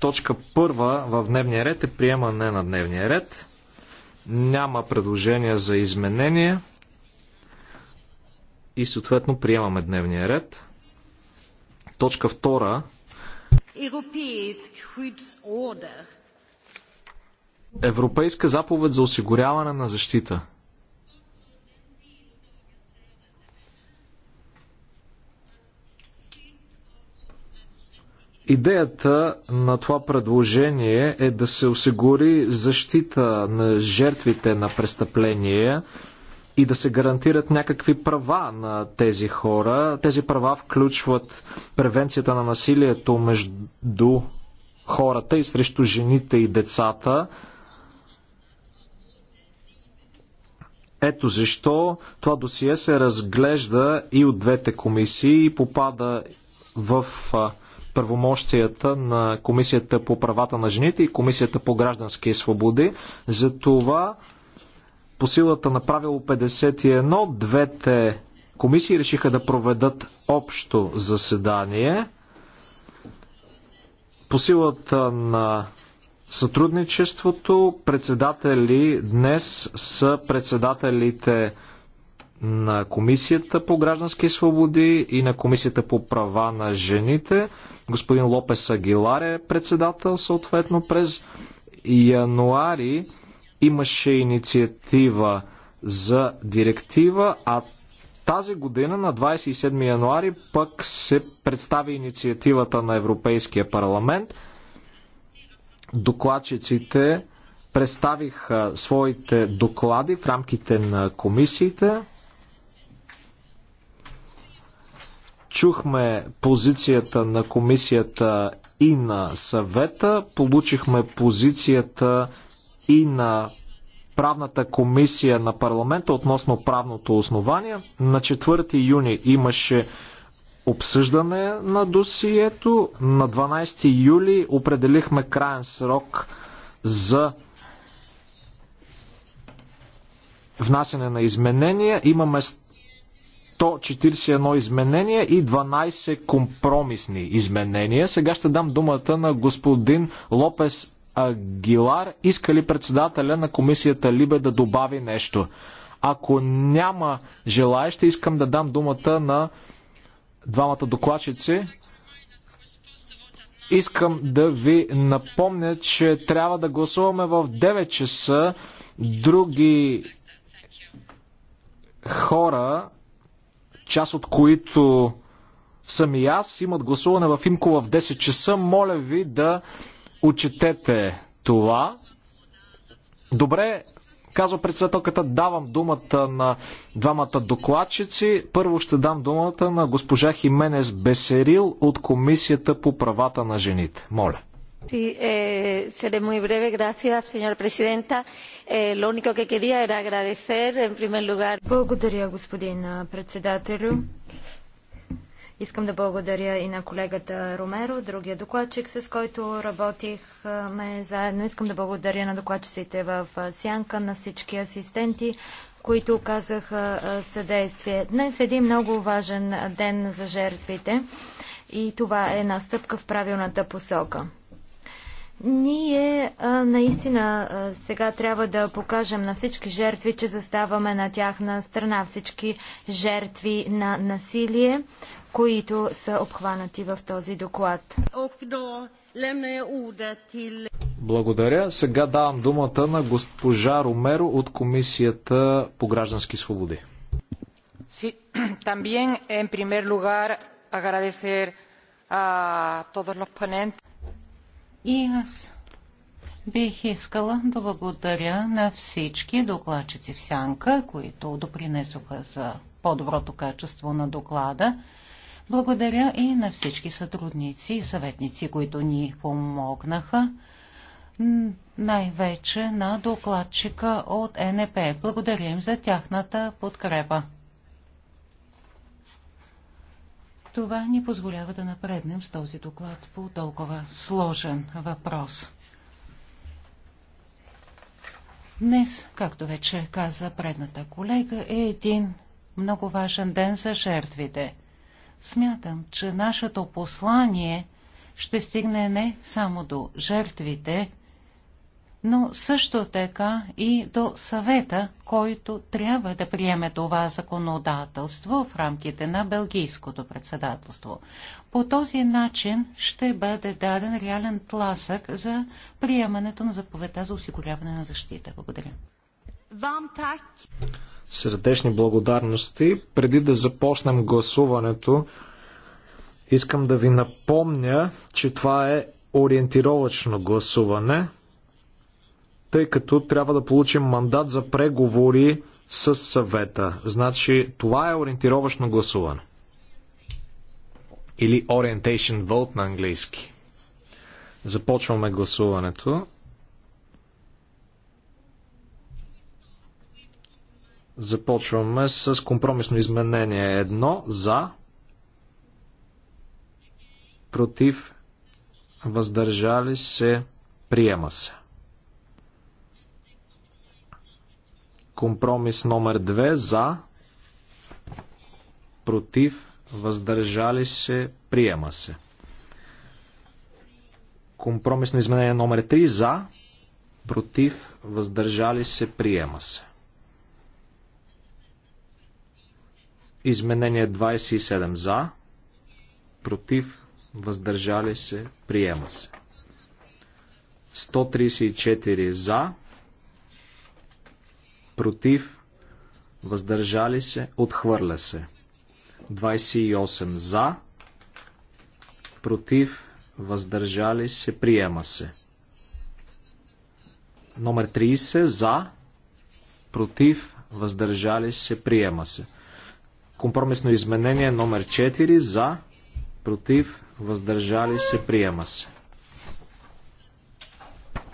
Точка първа в дневния ред е приемане на дневния ред. Няма предложения за изменение и съответно приемаме дневния ред. Точка втора. Европейска заповед за осигуряване на защита. Идеята на това предложение е да се осигури защита на жертвите на престъпления и да се гарантират някакви права на тези хора. Тези права включват превенцията на насилието между хората и срещу жените и децата. Ето защо това досие се разглежда и от двете комисии и попада в правомощията на Комисията по правата на жените и Комисията по граждански свободи. За това по силата на правило 51 двете комисии решиха да проведат общо заседание по силата на сътрудничеството председатели днес са председателите на Комисията по граждански свободи и на Комисията по права на жените. Господин Лопес Агилар е председател, съответно през януари имаше инициатива за директива, а тази година на 27 януари пък се представи инициативата на Европейския парламент. Докладчиците представиха своите доклади в рамките на комисиите. Чухме позицията на комисията и на съвета, получихме позицията и на правната комисия на парламента относно правното основание. На 4 юни имаше обсъждане на досието. На 12 юли определихме крайен срок за внасяне на изменения. Имаме 141 изменения и 12 компромисни изменения. Сега ще дам думата на господин Лопес Агилар. Иска ли председателя на комисията Либе да добави нещо? Ако няма желаящи, искам да дам думата на двамата докладчици. Искам да ви напомня, че трябва да гласуваме в 9 часа. Други хора част от които съм и аз, имат гласуване в Имко в 10 часа. Моля ви да отчетете това. Добре, казва председателката, давам думата на двамата докладчици. Първо ще дам думата на госпожа Хименес Бесерил от Комисията по правата на жените. Моля. Sí, eh, seré muy breve. Gracias, señora presidenta. Eh, благодаря, господин председателю. Искам да благодаря и на колегата Ромеро, другия докладчик, с който работихме заедно. Искам да благодаря на докладчиците в Сянка, на всички асистенти, които оказаха съдействие. Днес е един много важен ден за жертвите и това е една стъпка в правилната посока. Ние а, наистина а, сега трябва да покажем на всички жертви, че заставаме на тяхна страна. Всички жертви на насилие, които са обхванати в този доклад. Благодаря. Сега давам думата на госпожа Ромеро от Комисията по граждански свободи. Sí, И аз бих искала да благодаря на всички докладчици в Сянка, които допринесоха за по-доброто качество на доклада. Благодаря и на всички сътрудници и съветници, които ни помогнаха. Най-вече на докладчика от НП. Благодарим за тяхната подкрепа. Това ни позволява да напреднем с този доклад по толкова сложен въпрос. Днес, както вече каза предната колега, е един много важен ден за жертвите. Смятам, че нашето послание ще стигне не само до жертвите, но също така и до съвета, който трябва да приеме това законодателство в рамките на Белгийското председателство. По този начин ще бъде даден реален тласък за приемането на заповедта за осигуряване на защита. Благодаря. Вам Сърдечни благодарности. Преди да започнем гласуването, искам да ви напомня, че това е ориентировачно гласуване – тъй като трябва да получим мандат за преговори с съвета. Значи това е ориентировъчно гласуване. Или orientation vote на английски. Започваме гласуването. Започваме с компромисно изменение. Едно за, против, въздържали се, приема се. Компромис номер 2 за, против, въздържали се, приема се. Компромисно изменение номер 3 за, против, въздържали се, приема се. Изменение 27 за, против, въздържали се, приема се. 134 за, против, въздържали се, отхвърля се. 28 за, против, въздържали се, приема се. Номер 30 за, против, въздържали се, приема се. Компромисно изменение номер 4 за, против, въздържали се, приема се.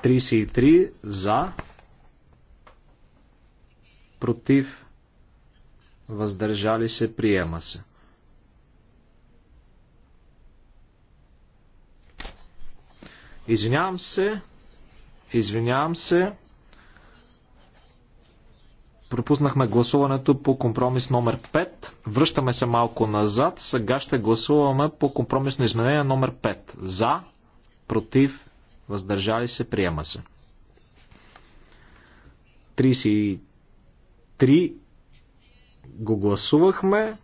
33 за, против, въздържали се, приема се. Извинявам се, извинявам се, пропуснахме гласуването по компромис номер 5. Връщаме се малко назад. Сега ще гласуваме по компромисно изменение номер 5. За, против, въздържали се, приема се. 33 3 го гласувахме,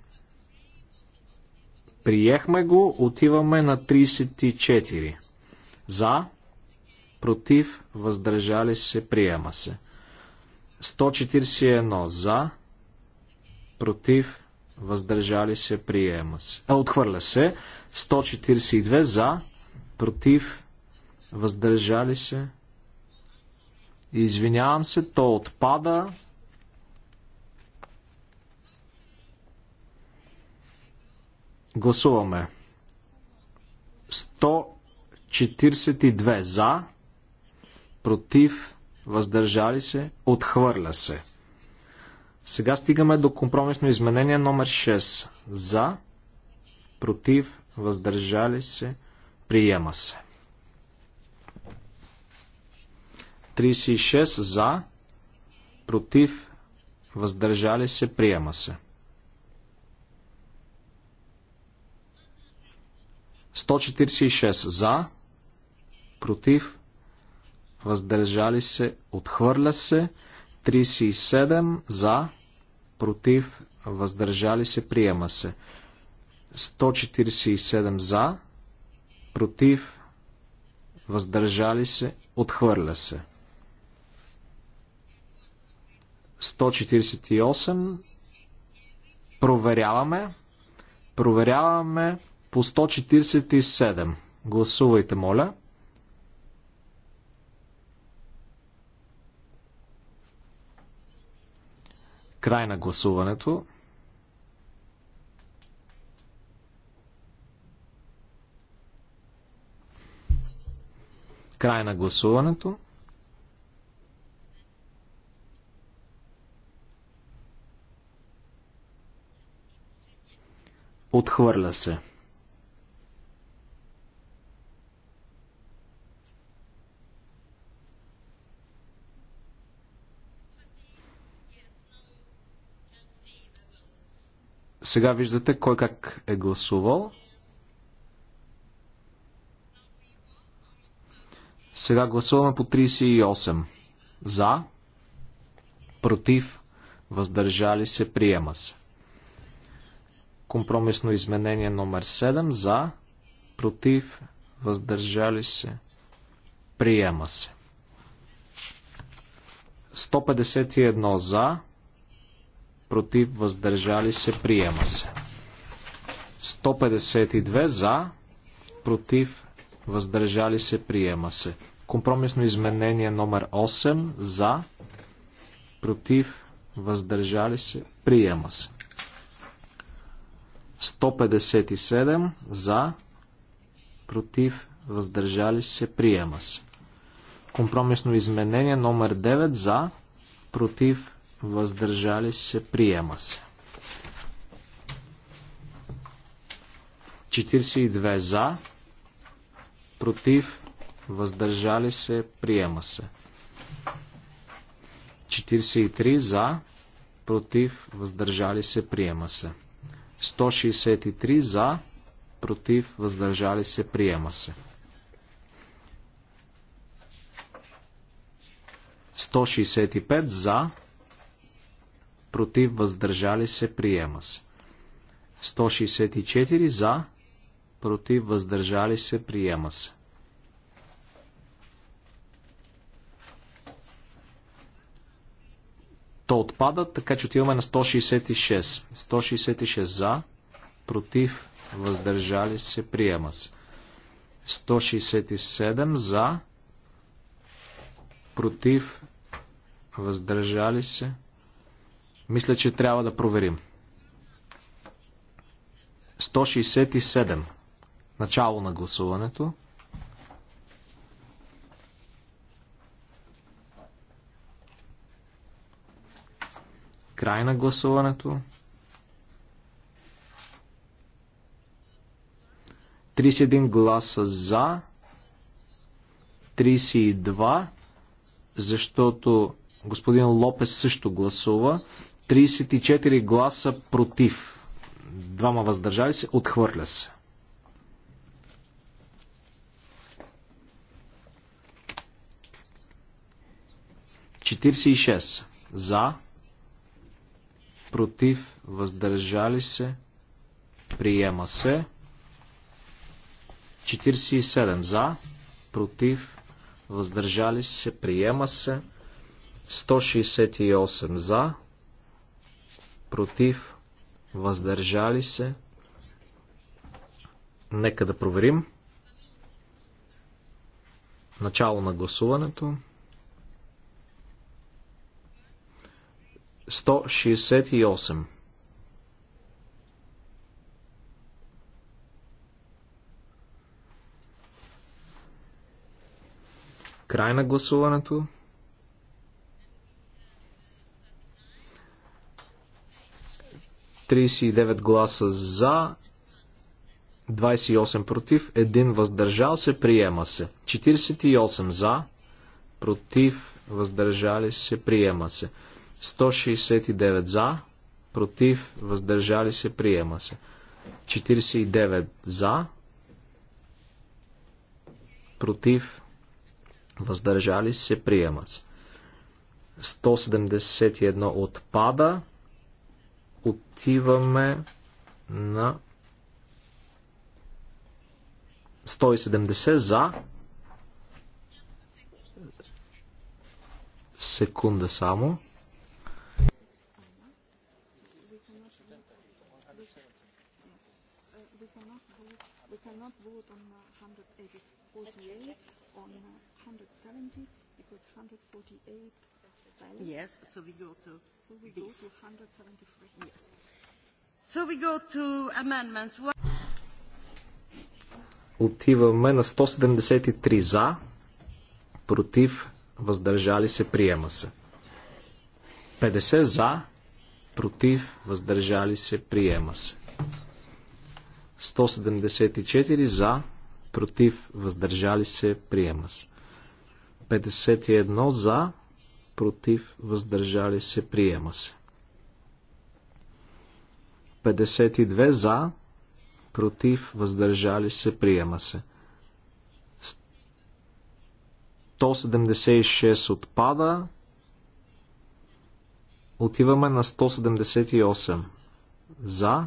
приехме го, отиваме на 34. За, против, въздържали се, приема се. 141 за, против, въздържали се, приема се. А, е, отхвърля се. 142 за, против, въздържали се. Извинявам се, то отпада. Гласуваме. 142 за, против, въздържали се, отхвърля се. Сега стигаме до компромисно изменение номер 6. За, против, въздържали се, приема се. 36 за, против, въздържали се, приема се. 146 за, против, въздържали се, отхвърля се. 37 за, против, въздържали се, приема се. 147 за, против, въздържали се, отхвърля се. 148 проверяваме. Проверяваме по 147. Гласувайте, моля. Край на гласуването. Край на гласуването. Отхвърля се. Сега виждате кой как е гласувал. Сега гласуваме по 38. За, против, въздържали се, приема се. Компромисно изменение номер 7. За, против, въздържали се, приема се. 151 за, против, въздържали се, приема се. 152 за, против, въздържали се, приема се. Компромисно изменение номер 8 за, против, въздържали се, приема се. 157 за, против, въздържали се, приема се. Компромисно изменение номер 9 за, против, въздържали се, приема се. 42 за, против, въздържали се, приема се. 43 за, против, въздържали се, приема се. 163 за, против, въздържали се, приема се. 165 за, против, въздържали се, приема се. 164 за, против, въздържали се, приема се. То отпада, така че отиваме на 166. 166 за, против, въздържали се, приема се. 167 за, против, въздържали се, приема се мисля, че трябва да проверим. 167. Начало на гласуването. Край на гласуването. 31 гласа за, 32, защото господин Лопес също гласува. 34 гласа против. Двама въздържали се. Отхвърля се. Четирси и шест. За. Против. Въздържали се. Приема се. 47 за. Против. Въздържали се. Приема се. 168 за против, въздържали се. Нека да проверим. Начало на гласуването. 168. Край на гласуването. 39 гласа за, 28 против, 1 въздържал се, приема се. 48 за, против, въздържали се, приема се. 169 за, против, въздържали се, приема се. 49 за, против, въздържали се, приема се. 171 отпада, отиваме на 170 за секунда само. Yes, so we go to, so we go to 173. So we go to amendments. Отиваме на 173 за, против, въздържали се, приема се. 50 за, против, въздържали се, приема се. 174 за, против, въздържали се, приема се. 51 за, против, въздържали се, приема се. 52 за, против, въздържали се, приема се. 176 отпада. Отиваме на 178. За,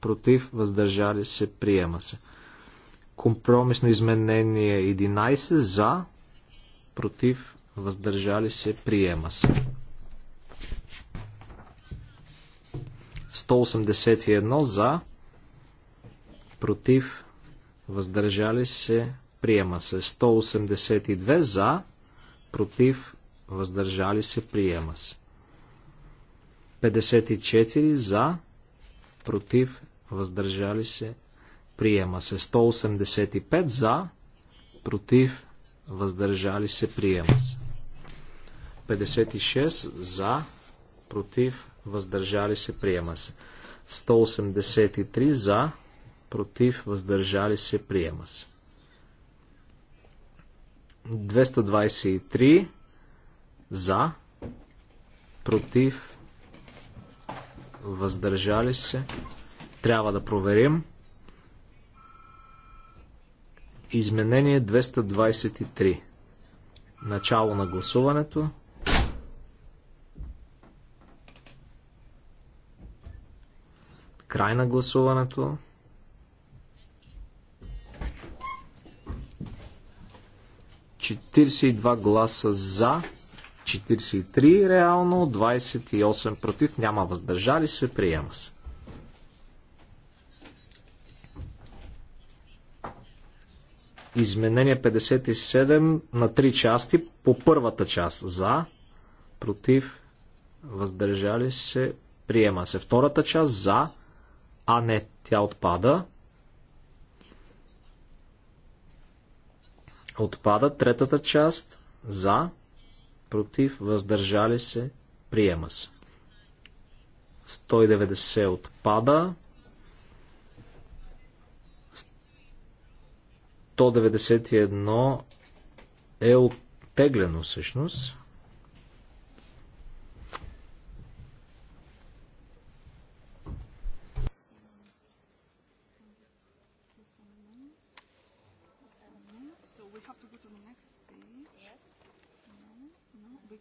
против, въздържали се, приема се. Компромисно изменение 11 за, против, въздържали се, приема се. 181 за, против, въздържали се, приема се. 182 за, против, въздържали се, приема се. 54 за, против, въздържали се, приема се. 185 за, против, въздържали се, приема се. 56 за, против, въздържали се, приема се. 183 за, против, въздържали се, приема се. 223 за, против, въздържали се. Трябва да проверим. Изменение 223. Начало на гласуването. Край на гласуването. Четиридесет два гласа за, 43 реално, 28 против, няма въздържали се, приема се. Изменение 57 на 3 части. По първата част за, против, въздържали се, приема се. Втората част за, а не, тя отпада. Отпада третата част. За. Против. Въздържали се. Приема се. 190 отпада. 191 е оттеглено всъщност.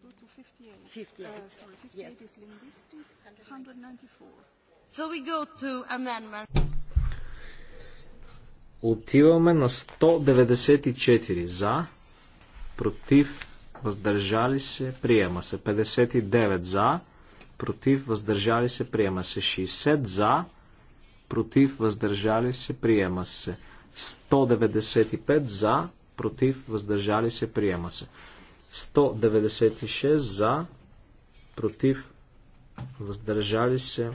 we go to 58. 58. Uh, sorry, 58 yes. is linguistic, 194. So we go to amendment. Отиваме на 194 за, против, въздържали се, приема се. 59 за, против, въздържали се, приема се. 60 за, против, въздържали се, приема се. 195 за, против, въздържали се, приема се. 196 за, против, въздържали се.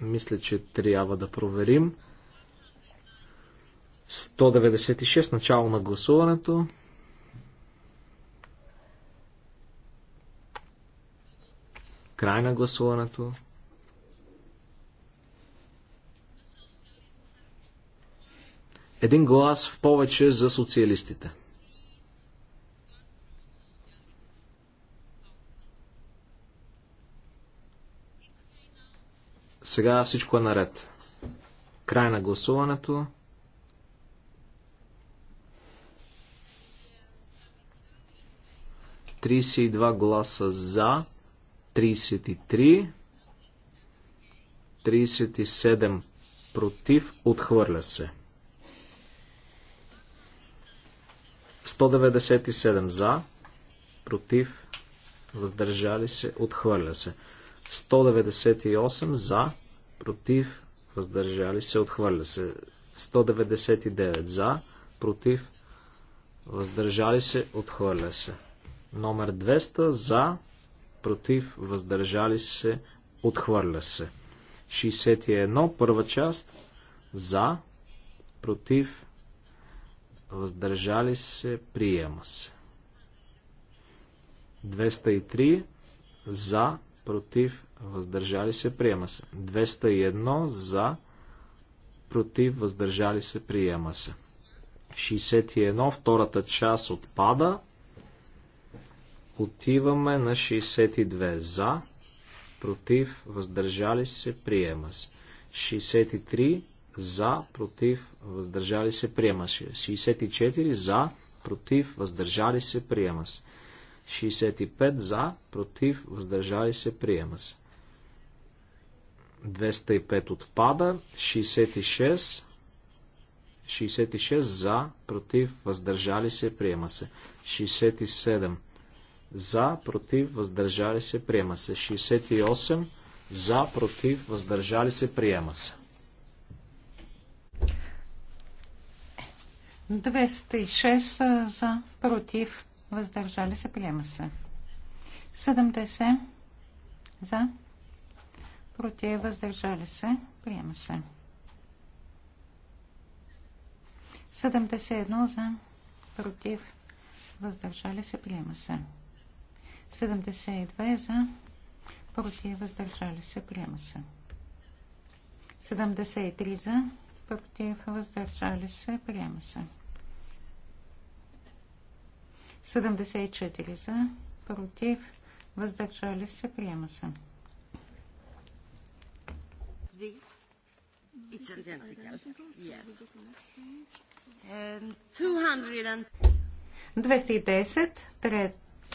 Мисля, че трябва да проверим. 196 начало на гласуването. Край на гласуването. Един глас в повече за социалистите. Сега всичко е наред. Край на гласуването. Тридесет и два гласа за, 33, 37 против, отхвърля се. 197 за, против, въздържали се, отхвърля се. 198 за, против, въздържали се, отхвърля се. 199 за, против, въздържали се, отхвърля се. Номер 200 за, против, въздържали се, отхвърля се. 61, първа част, за, против, въздържали се, приема се. 203, за, против, въздържали се, приема се. 201 за, против, въздържали се, приема се. 61, втората част отпада. Отиваме на 62 за, против, въздържали се, приема се. 63 за, против, въздържали се, приема се. 64 за, против, въздържали се, приема се. 65 за, против, въздържали се, приема се. 205 отпада, 66, 66 за, против, въздържали се, приема се. 67 за, против, въздържали се, приема се. 68 за, против, въздържали се, приема се. 206 за, против, въздържали се, приема се. 70 за, против, въздържали се, приема се. 71 за, против, въздържали се, приема се. 72 за, против, въздържали се, приема се. 73 за, против, въздържали се, приема се. 74 за, против, въздържали се, приема се. Yes. 210,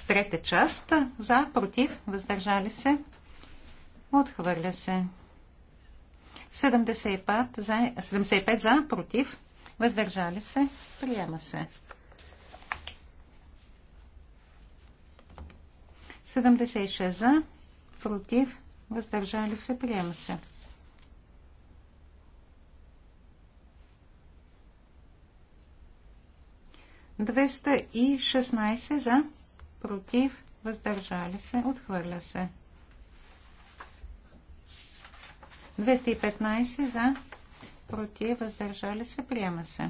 трета част, за, против, въздържали се, отхвърля се. 75 за, 75 за против, въздържали се, приема се. 76 за, против, въздържали се, приема се. Двеста и 16 за, против, въздържали се, отхвърля се. 215 за, против, въздържали се, приема се.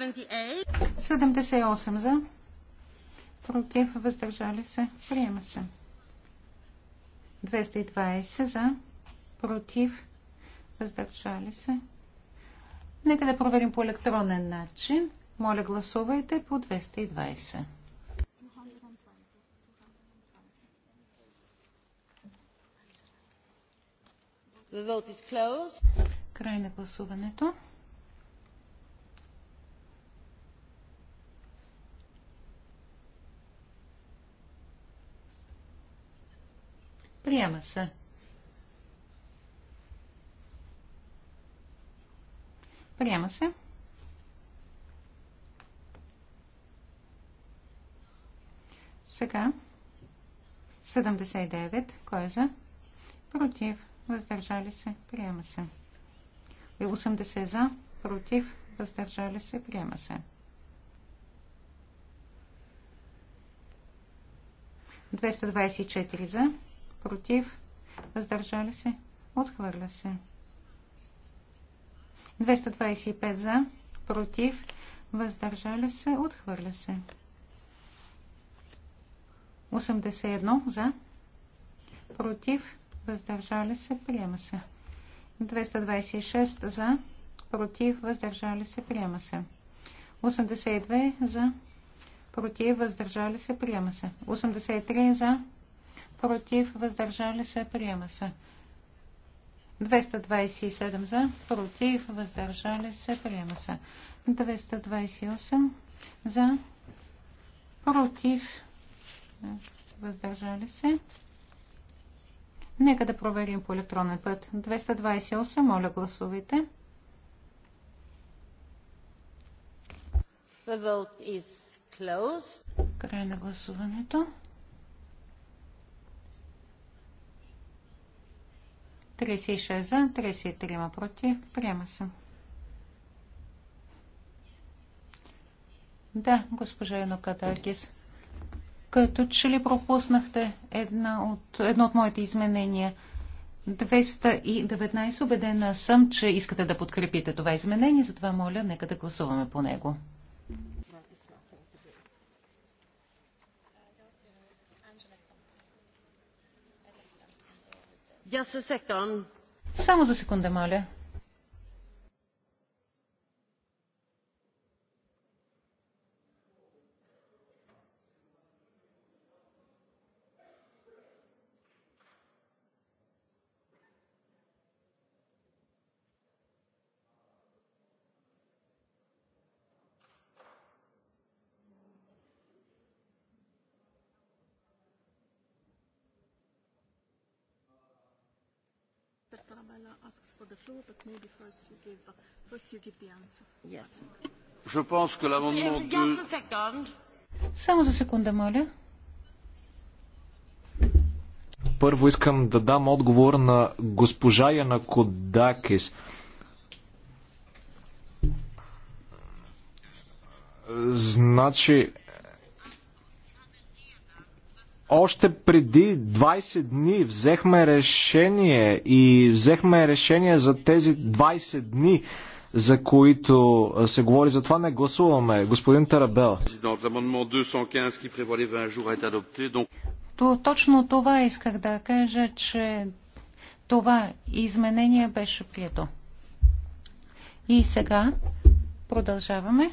78. за. Против. Въздържали се. Приема се. 220 за. Против. Въздържали се. Нека да проверим по електронен начин. Моля, гласувайте по 220. Край на гласуването. Приема се. Приема се. Сега 79. Кой е за? Против. Въздържали се. Приема се. И 80 за. Против. Въздържали се. Приема се. 224 за против, въздържали се, отхвърля се. 225 за, против, въздържали се, отхвърля се. 81 за, против, въздържали се, приема се. 226 за, против, въздържали се, приема се. 82 за, против, въздържали се, приема се. 83 за, против, въздържали се, приема се. 227 за, против, въздържали се, приема се. 228 за, против, въздържали се. Нека да проверим по електронен път. 228, моля гласувайте. Край на гласуването. 36 за, 33 против. Приема се. Да, госпожа Енокатакис. Като че ли пропуснахте една от, едно от моите изменения? 219. Обедена съм, че искате да подкрепите това изменение, затова моля, нека да гласуваме по него. Само за секунда, моля. asks for the floor, but maybe first you give, first you give the answer. Yes. Je pense que l'amendement 2... Само за секунда, моля. Първо искам да дам отговор на госпожа Яна Кодакис. Значи, още преди 20 дни взехме решение и взехме решение за тези 20 дни, за които се говори. Затова не гласуваме. Господин Тарабел. То, точно това исках да кажа, че това изменение беше прието. И сега продължаваме.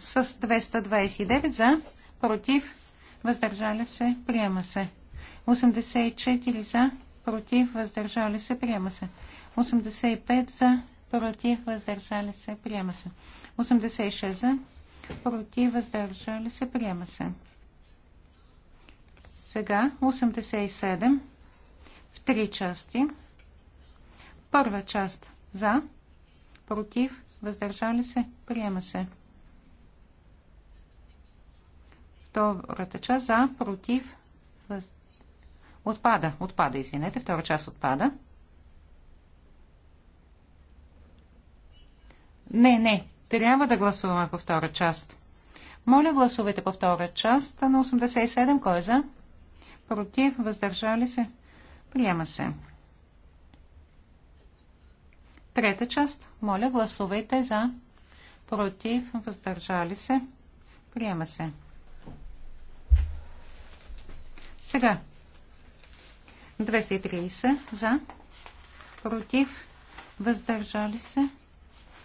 с 229 за, против, въздържали се, приема се. 84 за, против, въздържали се, приема се. 85 за, против, въздържали се, приема се. 86 за, против, въздържали се, приема се. Сега 87 в три части. Първа част за, против, въздържали се, приема се. Втората част за, против, въз... отпада, отпада, извинете, втора част отпада. Не, не, трябва да гласуваме по втора част. Моля, гласувайте по втора част на 87. Кой е за? Против, въздържали се? Приема се. Трета част. Моля, гласувайте за. Против, въздържали се? Приема се. Сега. 230 за, против, въздържали се.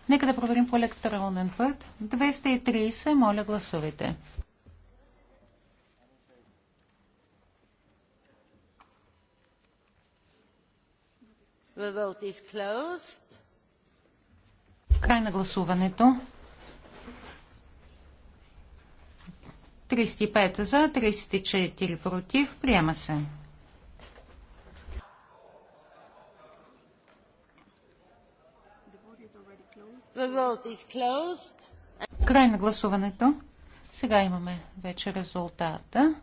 Нека да проверим по електронен път. 230, моля гласувайте. Край на гласуването. 35 за, 34 против. Приема се. Край на гласуването. Сега имаме вече резултата.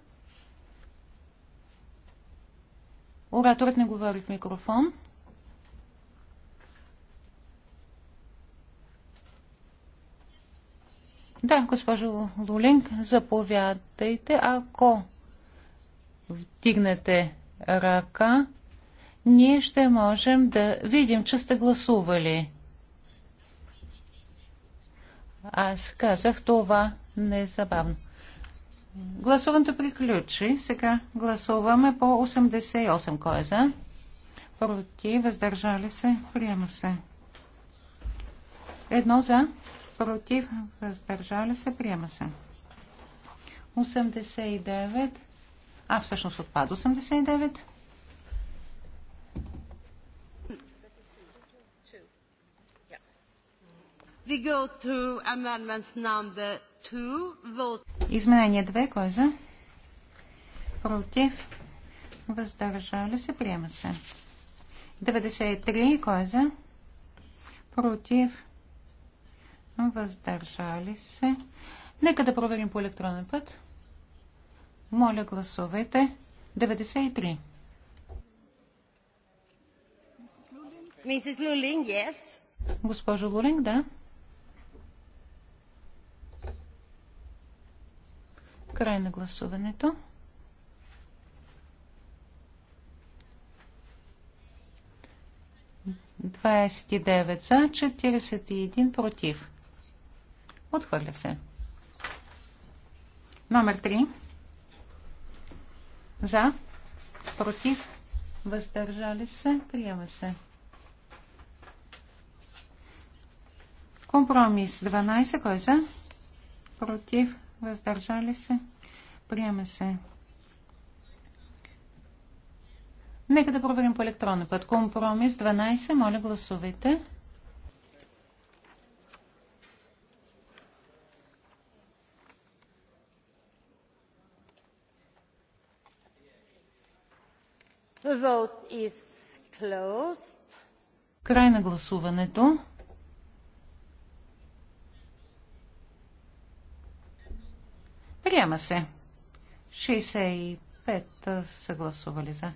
Ораторът не говори в микрофон. Да, госпожо Лулинг, заповядайте. Ако вдигнете ръка, ние ще можем да видим, че сте гласували. Аз казах това незабавно. Гласуването приключи. Сега гласуваме по 88. Кой е за? Против, въздържали се, приема се. Едно за против, въздържали се, приема се. 89. А, всъщност отпад 89. We go to amendments number two. Vote. Изменение 2. Кой е за? Против. Въздържали се. Приема се. 93. Кой е за? Против въздържали се. Нека да проверим по електронен път. Моля, гласовете. 93. Мисис Люлинг, yes. Госпожо Лулинг, да. Край на гласуването. Двадесет и девет за, четиридесет и един против. Отхвърля се. Номер 3. За. Против. Въздържали се. Приема се. Компромис 12. Кой е за? Против. Въздържали се. Приема се. Нека да проверим по електронен път. Компромис 12. Моля гласувайте. Край на гласуването. Приема се. 65 са гласували за.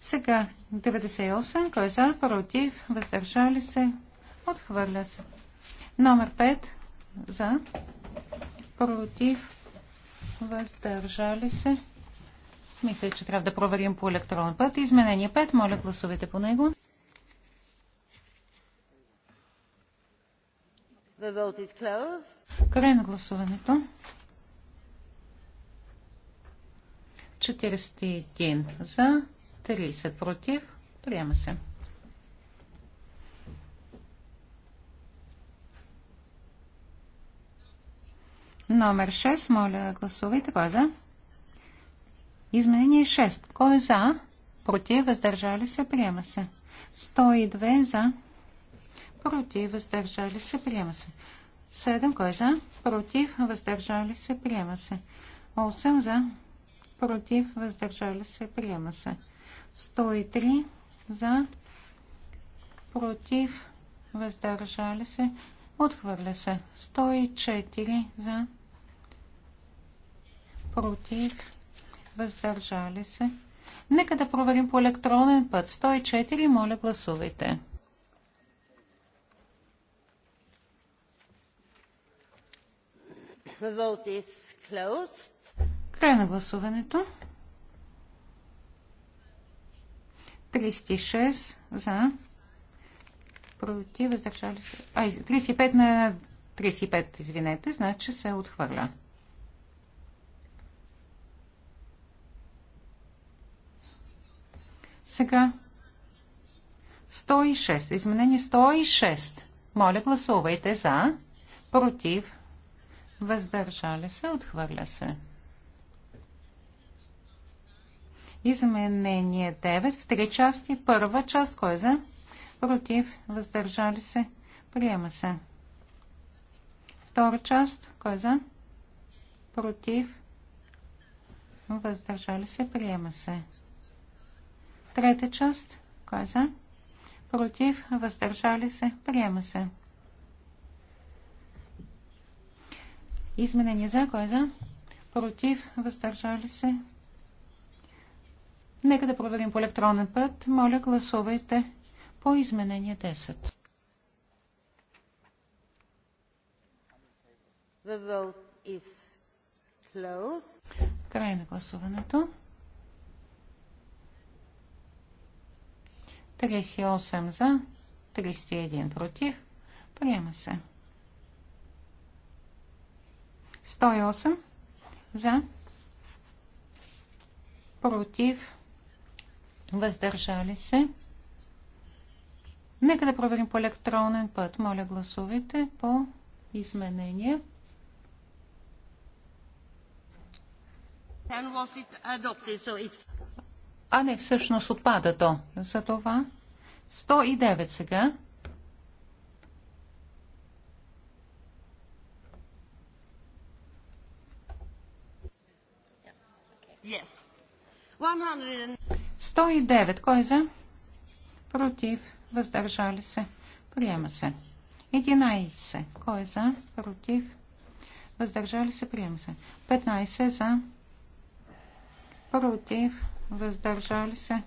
Сега 98, кой е за, против, въздържали се, отхвърля се. Номер 5 за, против, въздържали се. Мисля, че трябва да проверим по електронен път. Изменение 5. Моля, гласувайте по него. Край на гласуването. 41 за, 30 против. Приема се. Номер 6. Моля, гласувайте. Кой е за? Изменение 6. Кой е за? Против, въздържали се, приема се. 102 за. Против, въздържали се, приема се. 7. Кой е за? Против, въздържали се, приема се. 8 за. Против, въздържали се, приема се. 103 за. Против, въздържали се, отхвърля се. 104 за. Против, въздържали се. Нека да проверим по електронен път. 104, моля гласувайте. Край на гласуването. 36 за. Против, въздържали се. Ай, 35 на 35, извинете, значи се отхвърля. Сега 106. Изменение 106. Моля, гласувайте за, против, въздържали се, отхвърля се. Изменение 9 в три части. Първа част, кой е за? Против, въздържали се, приема се. Втора част, кой е за? Против, въздържали се, приема се. Трета част. Кой е за? Против. Въздържали се. Приема се. Изменение за. Кой е за? Против. Въздържали се. Нека да проверим по електронен път. Моля, гласувайте по изменение 10. Край на гласуването. 38 за, 31 против. Приема се. 108 за, против, въздържали се. Нека да проверим по електронен път. Моля, гласувайте по изменение а не всъщност отпада то. За това 109 сега. Yes. 109. Кой е за? Против. Въздържали се. Приема се. 11. Кой е за? Против. Въздържали се. Приема се. 15 е за. Против въздържали се.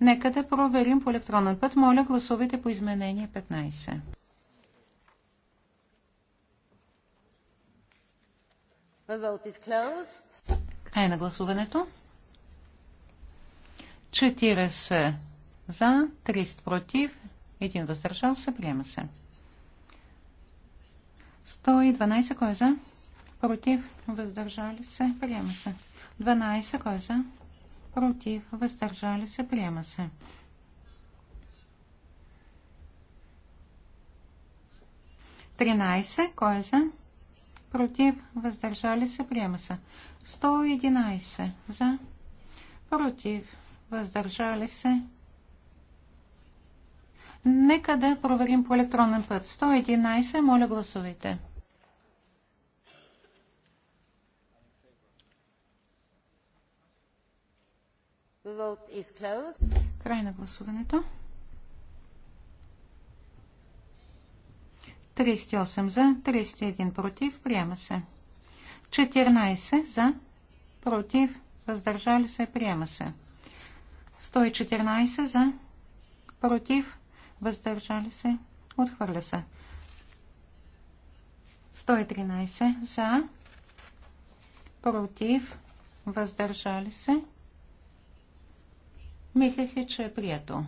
Нека да проверим по електронен път. Моля, гласувайте по изменение 15. Край на гласуването. 40 за, 30 против, 1 въздържал се, приема се. 112 кой е за? Против, въздържали се, приема се. 12 кой е за? против, въздържали се, приема се. Тринайсе, кой е за? Против, въздържали се, приема се. 111 за, против, въздържали се. Нека да проверим по електронен път. 111, моля гласувайте. Край на гласуването. 38 за, 31 против. Приема се. 14 за, против. Въздържали се. Приема се. 114 за, против. Въздържали се. Отхвърля се. 113 за, против. Въздържали се. Мисля си, че е прието.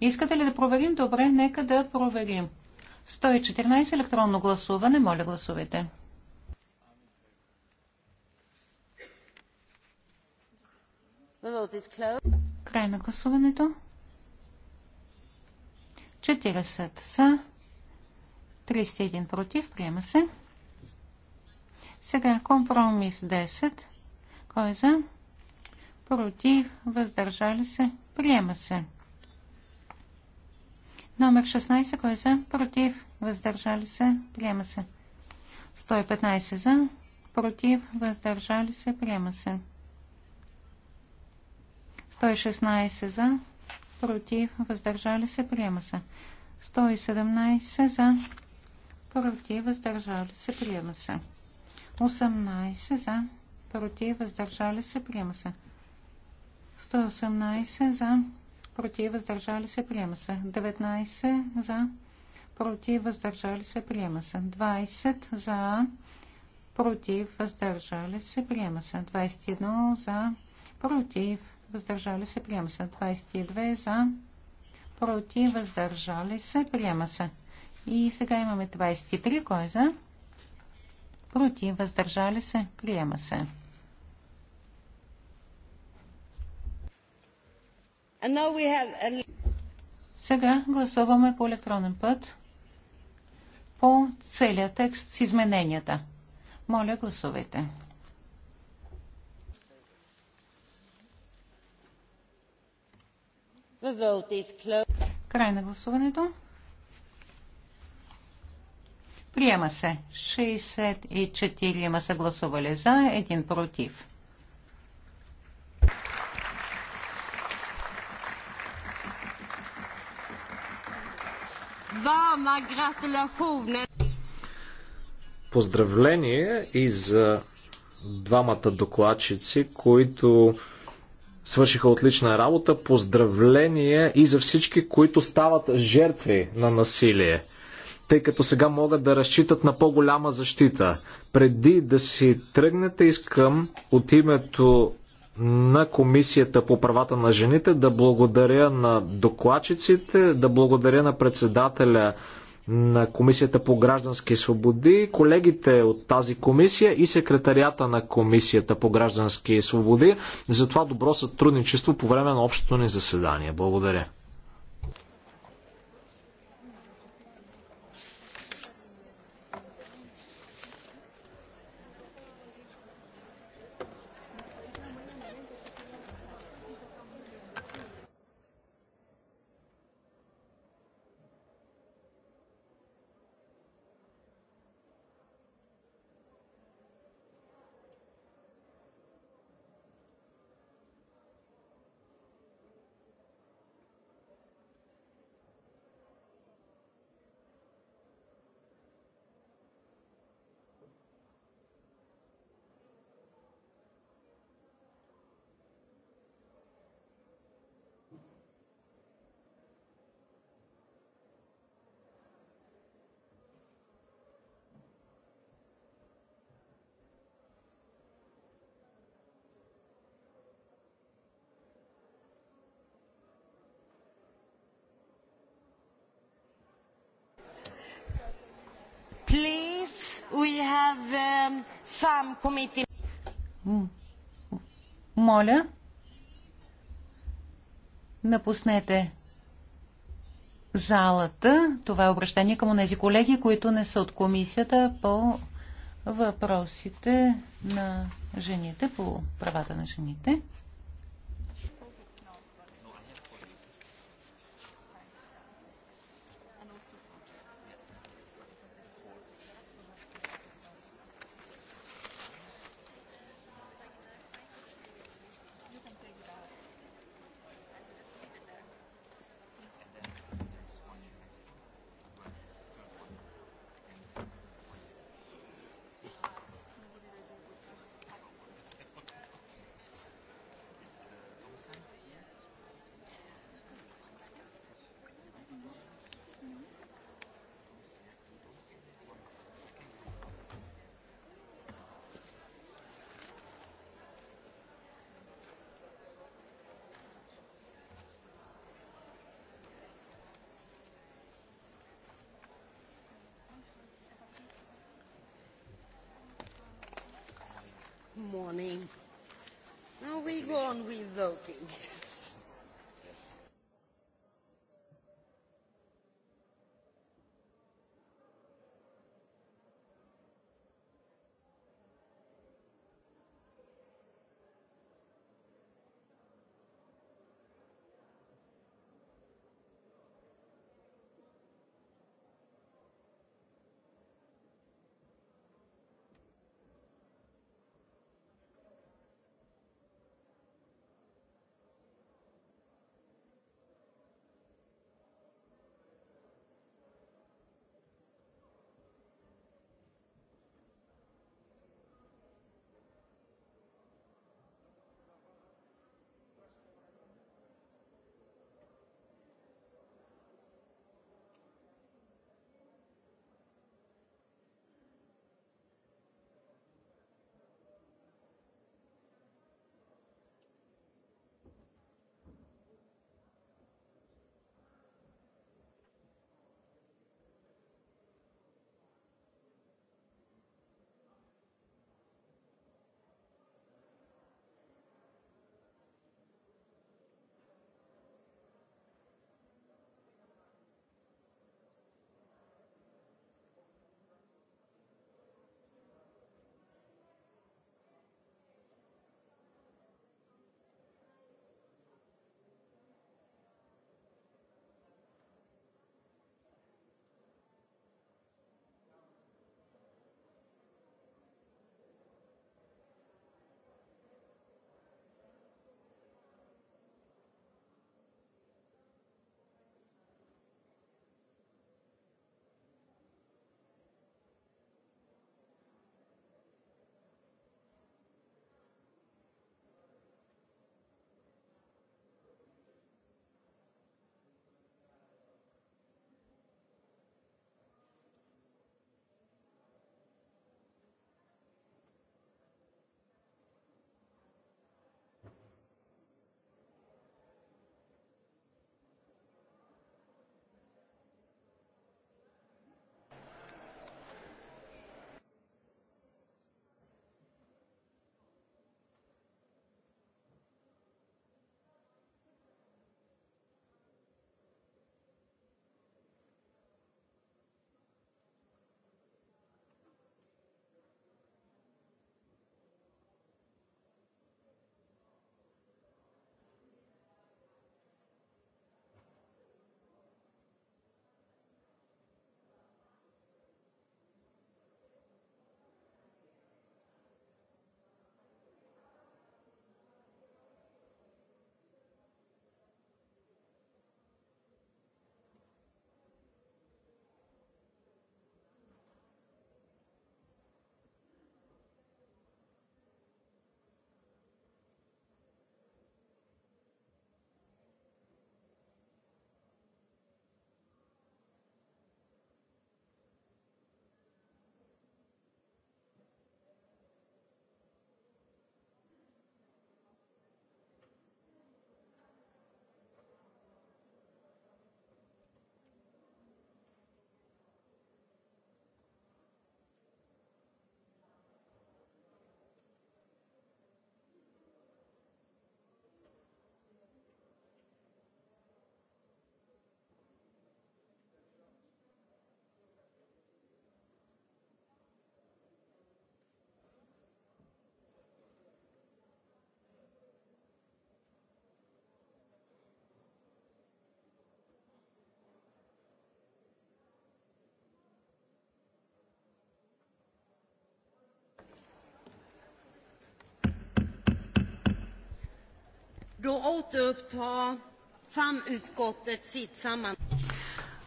Искате ли да проверим? Добре, нека да проверим. 114 електронно гласуване. Моля, гласувайте. Край на гласуването. 40 са. 31 против. Приема се. Сега компромис 10. Кой е за? против, въздържали се, приема се. Номер 16, кой е за, против, въздържали се, приема се. 115 за, против, въздържали се, приема се. 116 за, против, въздържали се, приема се. 117 за, против, въздържали се, приема се. 18 за, против, въздържали се, приема се. 118 за, против, въздържали се, приема се. 19 за, против, въздържали се, приема се. 20 за, против, въздържали се, приема се. 21 за, против, въздържали се, приема се. 22 за, против, въздържали се, приема се. И сега имаме 23, кой е за? Против, въздържали се, приема се. Сега гласуваме по електронен път по целия текст с измененията. Моля, гласувайте. Край на гласуването. Приема се. 64 има са гласували за, един против. Поздравление и за двамата докладчици, които свършиха отлична работа. Поздравление и за всички, които стават жертви на насилие тъй като сега могат да разчитат на по-голяма защита. Преди да си тръгнете, искам от името на Комисията по правата на жените, да благодаря на докладчиците, да благодаря на председателя на Комисията по граждански свободи, колегите от тази комисия и секретарията на Комисията по граждански свободи за това добро сътрудничество по време на общото ни заседание. Благодаря. Моля, напуснете залата. Това е обращение към тези колеги, които не са от комисията по въпросите на жените, по правата на жените. go on with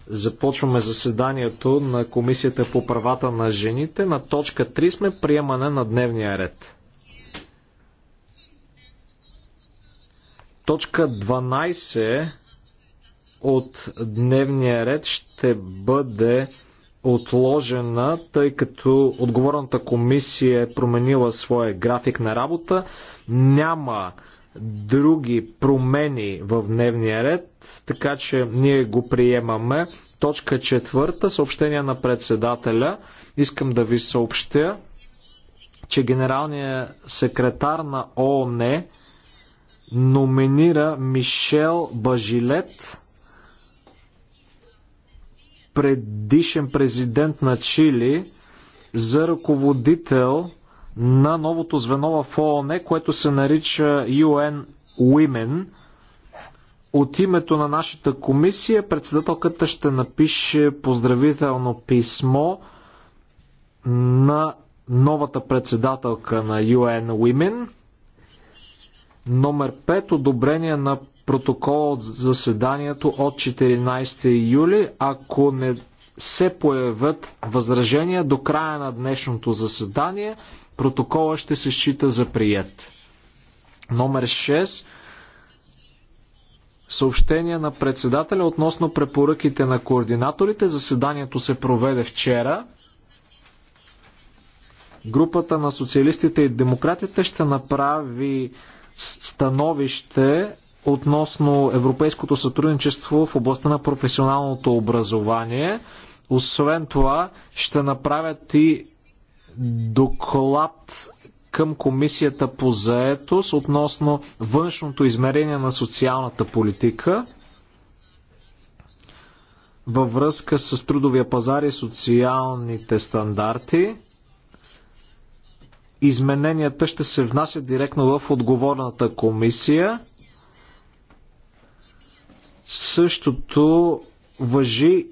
Започваме заседанието на Комисията по правата на жените. На точка 3 сме приемане на дневния ред. Точка 12 от дневния ред ще бъде отложена, тъй като отговорната комисия е променила своя график на работа. Няма други промени в дневния ред, така че ние го приемаме. Точка четвърта, съобщение на председателя. Искам да ви съобщя, че генералният секретар на ООН номинира Мишел Бажилет, предишен президент на Чили, за ръководител на новото звено в ООН, което се нарича UN Women. От името на нашата комисия председателката ще напише поздравително писмо на новата председателка на UN Women. Номер 5. Одобрение на протокол от заседанието от 14 юли. Ако не се появят възражения до края на днешното заседание, Протокола ще се счита за прият. Номер 6. Съобщение на председателя относно препоръките на координаторите. Заседанието се проведе вчера. Групата на социалистите и демократите ще направи становище относно европейското сътрудничество в областта на професионалното образование. Освен това, ще направят и доклад към Комисията по заетост относно външното измерение на социалната политика във връзка с трудовия пазар и социалните стандарти. Измененията ще се внасят директно в отговорната комисия. Същото въжи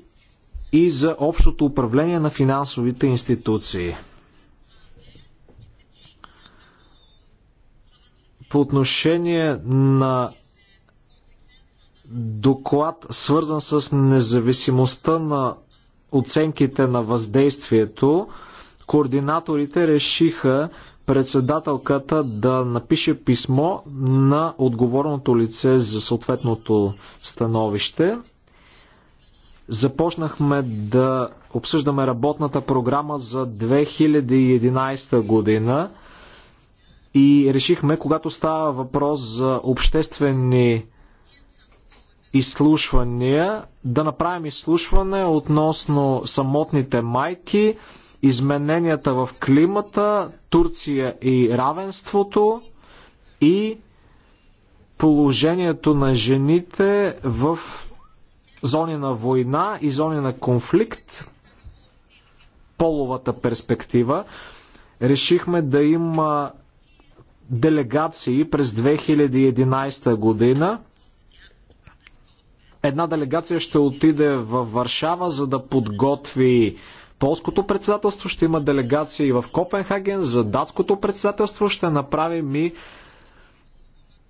и за общото управление на финансовите институции. По отношение на доклад, свързан с независимостта на оценките на въздействието, координаторите решиха председателката да напише писмо на отговорното лице за съответното становище. Започнахме да обсъждаме работната програма за 2011 година и решихме, когато става въпрос за обществени изслушвания, да направим изслушване относно самотните майки, измененията в климата, Турция и равенството и положението на жените в зони на война и зони на конфликт, половата перспектива. Решихме да има делегации през 2011 година. Една делегация ще отиде в Варшава, за да подготви полското председателство. Ще има делегации в Копенхаген. За датското председателство ще направим и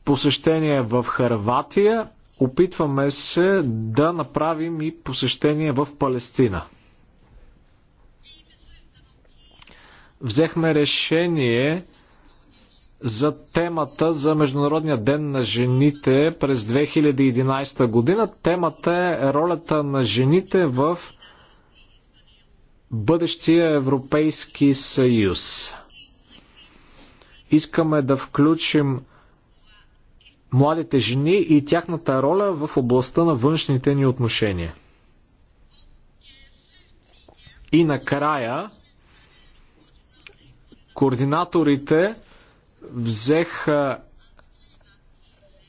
посещение в Харватия. Опитваме се да направим и посещение в Палестина. Взехме решение за темата за Международния ден на жените през 2011 година. Темата е ролята на жените в бъдещия Европейски съюз. Искаме да включим младите жени и тяхната роля в областта на външните ни отношения. И накрая, координаторите взеха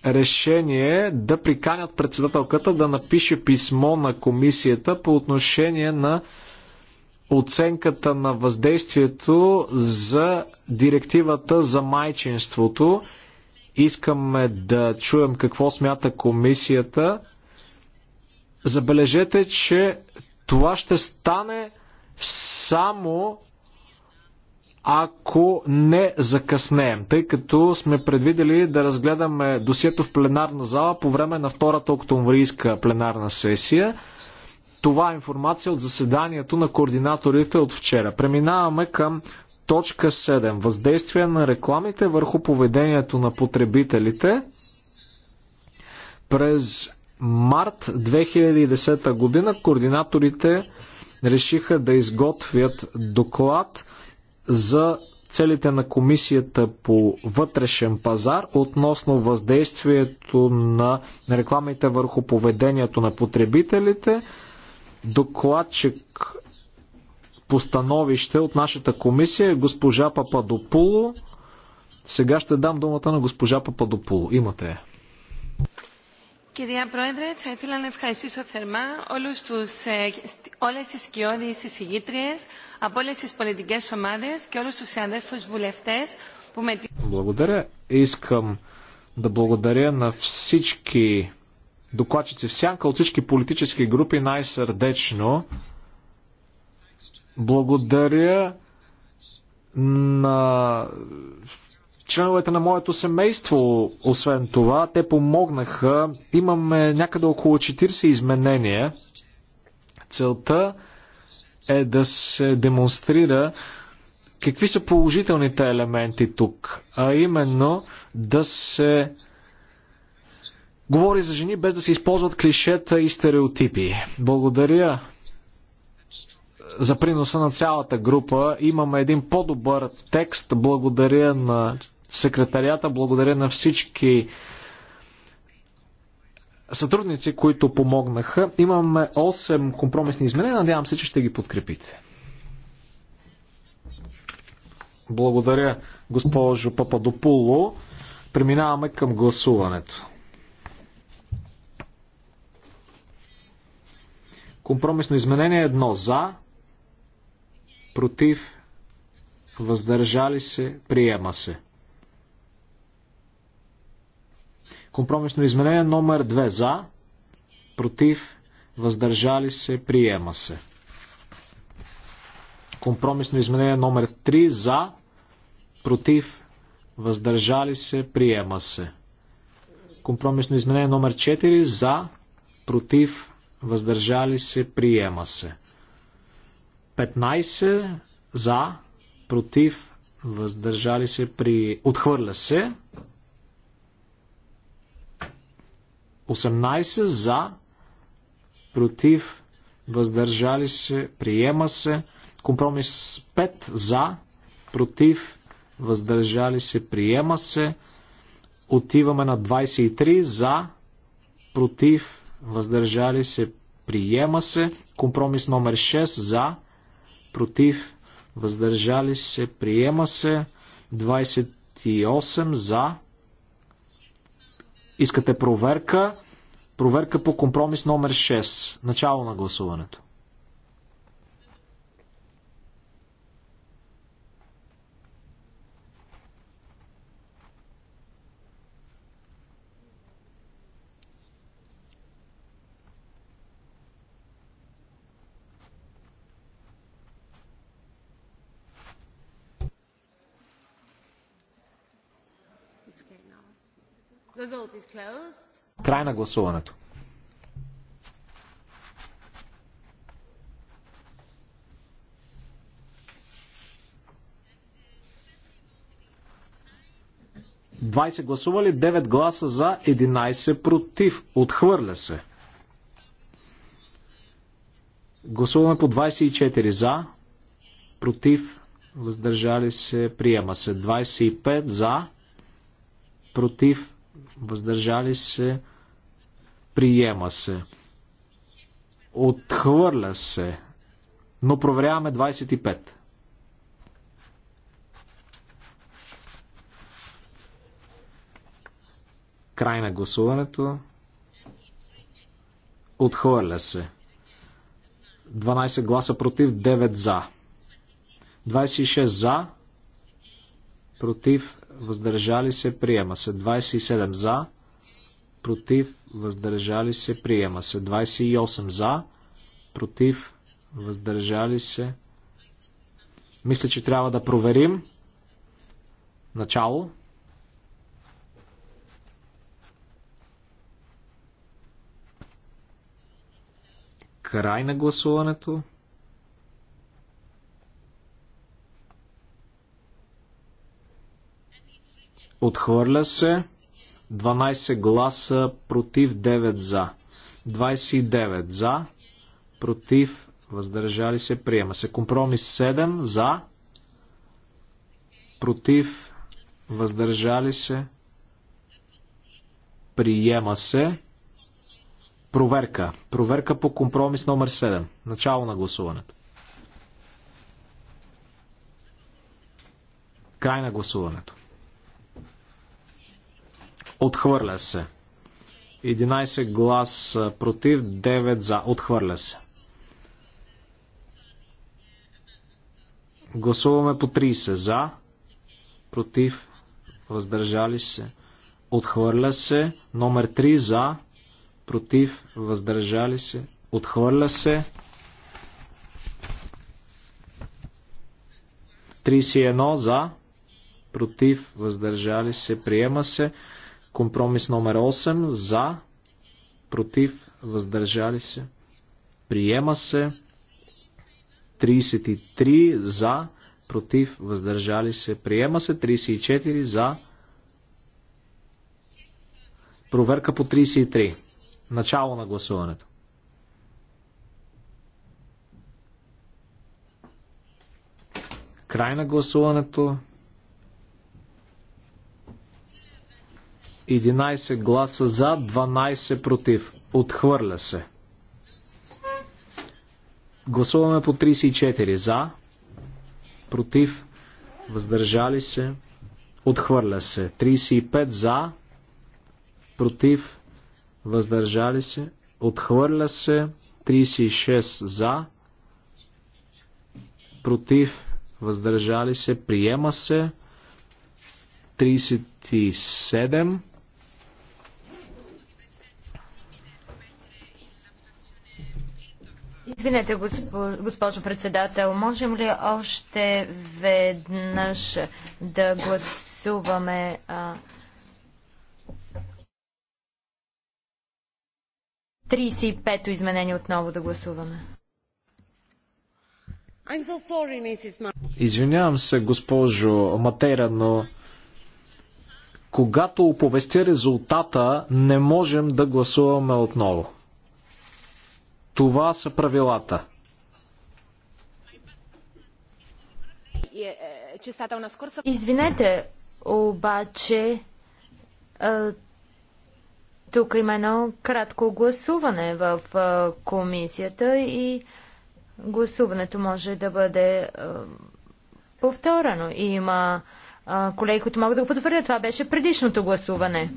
решение да приканят председателката да напише писмо на комисията по отношение на оценката на въздействието за директивата за майчинството. Искаме да чуем какво смята комисията. Забележете, че това ще стане само ако не закъснеем, тъй като сме предвидели да разгледаме досието в пленарна зала по време на втората октомврийска пленарна сесия. Това е информация от заседанието на координаторите от вчера. Преминаваме към точка 7. Въздействие на рекламите върху поведението на потребителите. През март 2010 година координаторите решиха да изготвят доклад – за целите на комисията по вътрешен пазар относно въздействието на рекламите върху поведението на потребителите. Докладчик по становище от нашата комисия е госпожа Пападополо. Сега ще дам думата на госпожа Пападополо. Имате я. Κυρία Πρόεδρε, θα ήθελα να ευχαριστήσω θερμά όλους τους, ε, όλες τις σκιώδεις εισηγήτριες από όλες τις πολιτικές ομάδες και όλους τους συναδέλφους βουλευτές που με... Благодаря. Искам да благодаря на всички докладчици всяка от всички политически групи най-сърдечно. Благодаря на членовете на моето семейство, освен това, те помогнаха. Имаме някъде около 40 изменения. Целта е да се демонстрира какви са положителните елементи тук, а именно да се говори за жени без да се използват клишета и стереотипи. Благодаря за приноса на цялата група. Имаме един по-добър текст. Благодаря на секретарията. Благодаря на всички сътрудници, които помогнаха. Имаме 8 компромисни изменения. Надявам се, че ще ги подкрепите. Благодаря, госпожо Пападопуло. Преминаваме към гласуването. Компромисно изменение едно за, против, въздържали се, приема се. Компромисно изменение номер 2 за, против, въздържали се, приема се. Компромисно изменение номер 3 за, против, въздържали се, приема се. Компромисно изменение номер 4 за, против, въздържали се, приема се. 15 за, против, въздържали се, при... отхвърля се. 18 за, против, въздържали се, приема се. Компромис 5 за, против, въздържали се, приема се. Отиваме на 23 за, против, въздържали се, приема се. Компромис номер 6 за, против, въздържали се, приема се. 28 за, Искате проверка. Проверка по компромис номер 6. Начало на гласуването. Край на гласуването. Двайсет гласували, 9 гласа за, 11 против. Отхвърля се. Гласуваме по 24 за, против, въздържали се, приема се. 25 за, против, въздържали се, приема се, отхвърля се, но проверяваме 25. Край на гласуването. Отхвърля се. 12 гласа против, 9 за. 26 за, против, въздържали се, приема се. 27 за, против, въздържали се, приема се. 28 за, против, въздържали се. Мисля, че трябва да проверим. Начало. Край на гласуването. Отхвърля се. 12 гласа против 9 за. 29 за. Против. Въздържали се. Приема се. Компромис 7 за. Против. Въздържали се. Приема се. Проверка. Проверка по компромис номер 7. Начало на гласуването. Край на гласуването. Отхвърля се. 11 глас против, 9 за. Отхвърля се. Гласуваме по 30 за, против, въздържали се. Отхвърля се. Номер 3 за, против, въздържали се. Отхвърля се. 31 за, против, въздържали се, приема се. Компромис номер 8 за, против, въздържали се. Приема се 33 за, против, въздържали се. Приема се 34 за. Проверка по 33. Начало на гласуването. Край на гласуването. 11 гласа за, 12 против. Отхвърля се. Гласуваме по 34 за, против, въздържали се, отхвърля се. 35 за, против, въздържали се, отхвърля се. 36 за, против, въздържали се, приема се. 37 Извинете, госпожо, председател, можем ли още веднъж да гласуваме а, 35-то изменение отново да гласуваме? So sorry, Извинявам се, госпожо Матера, но когато оповести резултата, не можем да гласуваме отново. Това са правилата. Е, е, Извинете, обаче тук има едно кратко гласуване в комисията и гласуването може да бъде повторено. И има колеги, които могат да го потвърдят. Това беше предишното гласуване.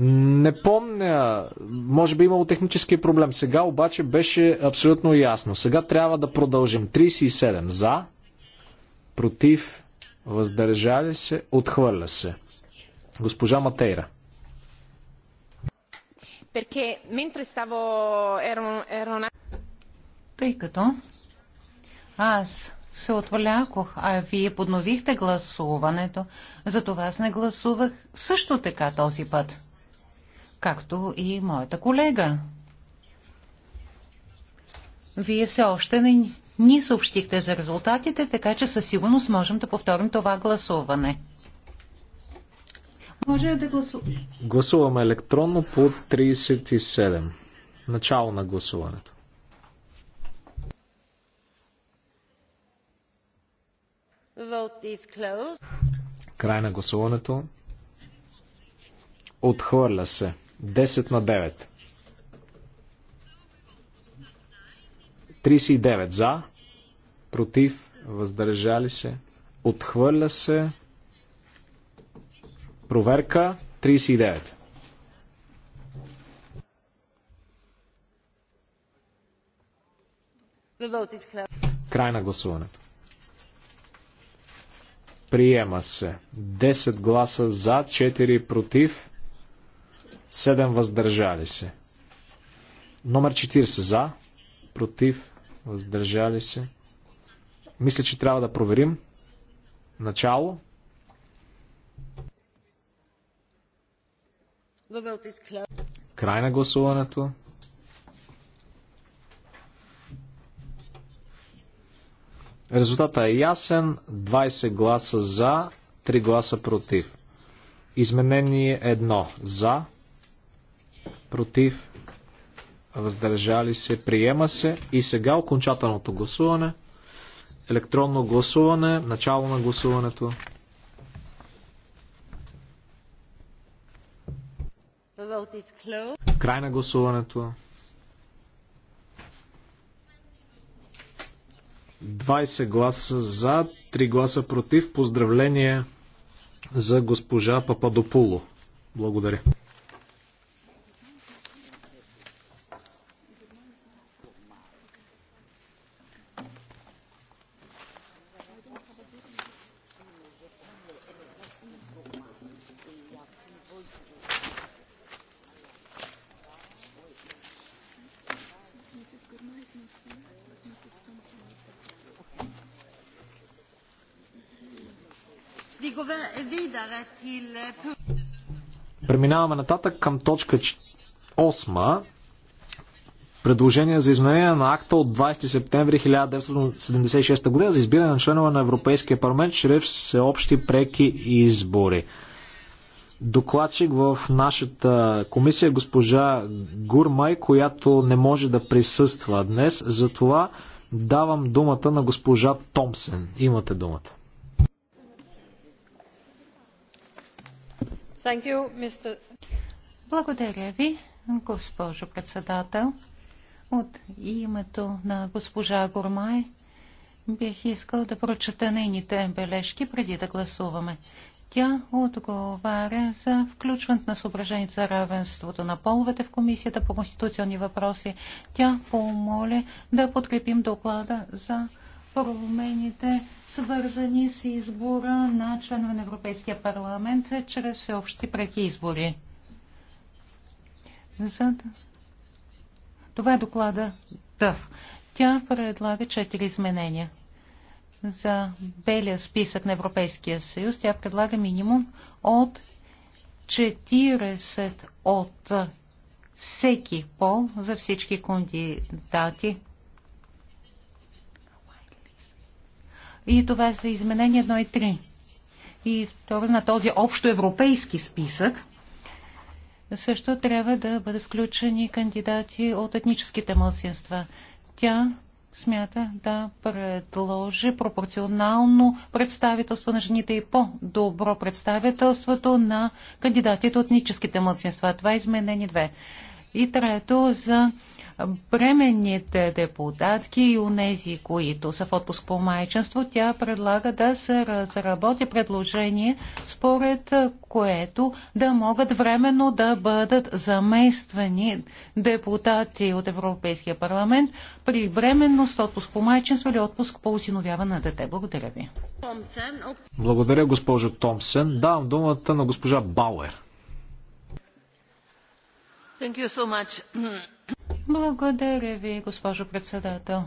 Не помня, може би имало технически проблем. Сега обаче беше абсолютно ясно. Сега трябва да продължим. 37 за, против, въздържали се, отхвърля се. Госпожа Матейра. Тъй като аз се отвлякох, а вие подновихте гласуването, за това аз не гласувах също така този път както и моята колега. Вие все още не ни съобщихте за резултатите, така че със сигурност можем да повторим това гласуване. Може да гласуваме. Гласуваме електронно по 37. Начало на гласуването. Край на гласуването. Отхвърля се. 10 на 9. 39 за, против, въздържали се, отхвърля се. Проверка 39. Край на гласуването. Приема се. 10 гласа за, 4 против. 7 въздържали се. Номер 40 за, против, въздържали се. Мисля, че трябва да проверим. Начало. Край на гласуването. Резултата е ясен. 20 гласа за, 3 гласа против. Изменение 1 за, против, въздържали се, приема се. И сега окончателното гласуване. Електронно гласуване, начало на гласуването. Край на гласуването. 20 гласа за, 3 гласа против. Поздравление за госпожа Пападополо. Благодаря. нататък към точка 8. Предложение за изменение на акта от 20 септември 1976 г. за избиране на членове на Европейския парламент чрез всеобщи преки избори. Докладчик в нашата комисия е госпожа Гурмай, която не може да присъства днес, затова давам думата на госпожа Томсен. Имате думата. Благодаря ви, госпожо председател. От името на госпожа Гормай бих искал да прочета нейните бележки преди да гласуваме. Тя отговаря за включването на съображението за равенството на половете в Комисията по конституционни въпроси. Тя помоли да подкрепим доклада за промените, свързани с избора на членове на Европейския парламент чрез всеобщи преки избори. За... Това е доклада ДъВ. Тя предлага четири изменения. За белия списък на Европейския съюз тя предлага минимум от 40 от всеки пол за всички кандидати И това са изменения 1 и 3. И второ, на този общо европейски списък също трябва да бъдат включени кандидати от етническите младсинства. Тя смята да предложи пропорционално представителство на жените и по-добро представителството на кандидатите от етническите младсинства. Това е изменение 2. И трето, за бременните депутатки и унези, които са в отпуск по майчинство, тя предлага да се разработи предложение, според което да могат временно да бъдат замествани депутати от Европейския парламент при временност, отпуск по майчинство или отпуск по осиновяване на дете. Благодаря ви. Благодаря, госпожо Томсен. Давам думата на госпожа Бауер. Благодаря ви, госпожо председател.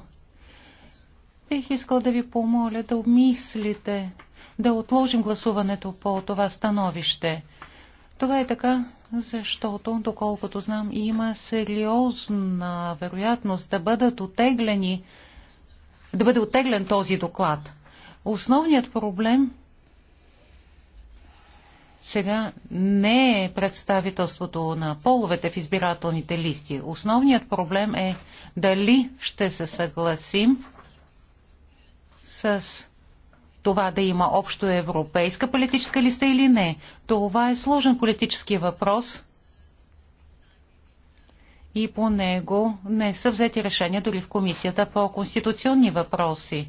Бих искал да ви помоля да обмислите, да отложим гласуването по това становище. Това е така, защото, доколкото знам, има сериозна вероятност да бъдат отеглени, да бъде отеглен този доклад. Основният проблем сега не е представителството на половете в избирателните листи. Основният проблем е дали ще се съгласим с това да има общо европейска политическа листа или не. Това е сложен политически въпрос и по него не са взети решения дори в Комисията по конституционни въпроси.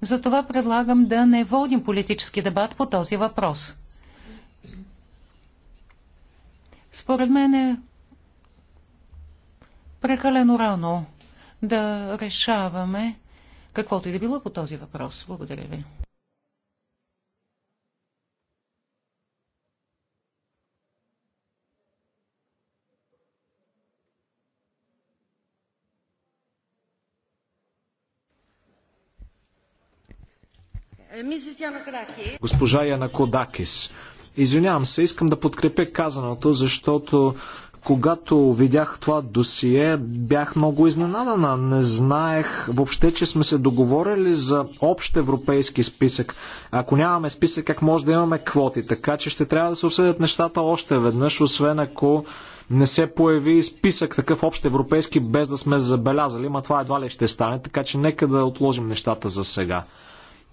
Затова предлагам да не водим политически дебат по този въпрос. Според мен е прекалено рано да решаваме каквото и да било по този въпрос. Благодаря ви. Госпожа Яна Кодакис. Извинявам се, искам да подкрепя казаното, защото когато видях това досие, бях много изненадана. Не знаех въобще, че сме се договорили за общ европейски списък. Ако нямаме списък, как може да имаме квоти? Така че ще трябва да се обсъдят нещата още веднъж, освен ако не се появи списък такъв общ европейски, без да сме забелязали. Ма това едва ли ще стане, така че нека да отложим нещата за сега.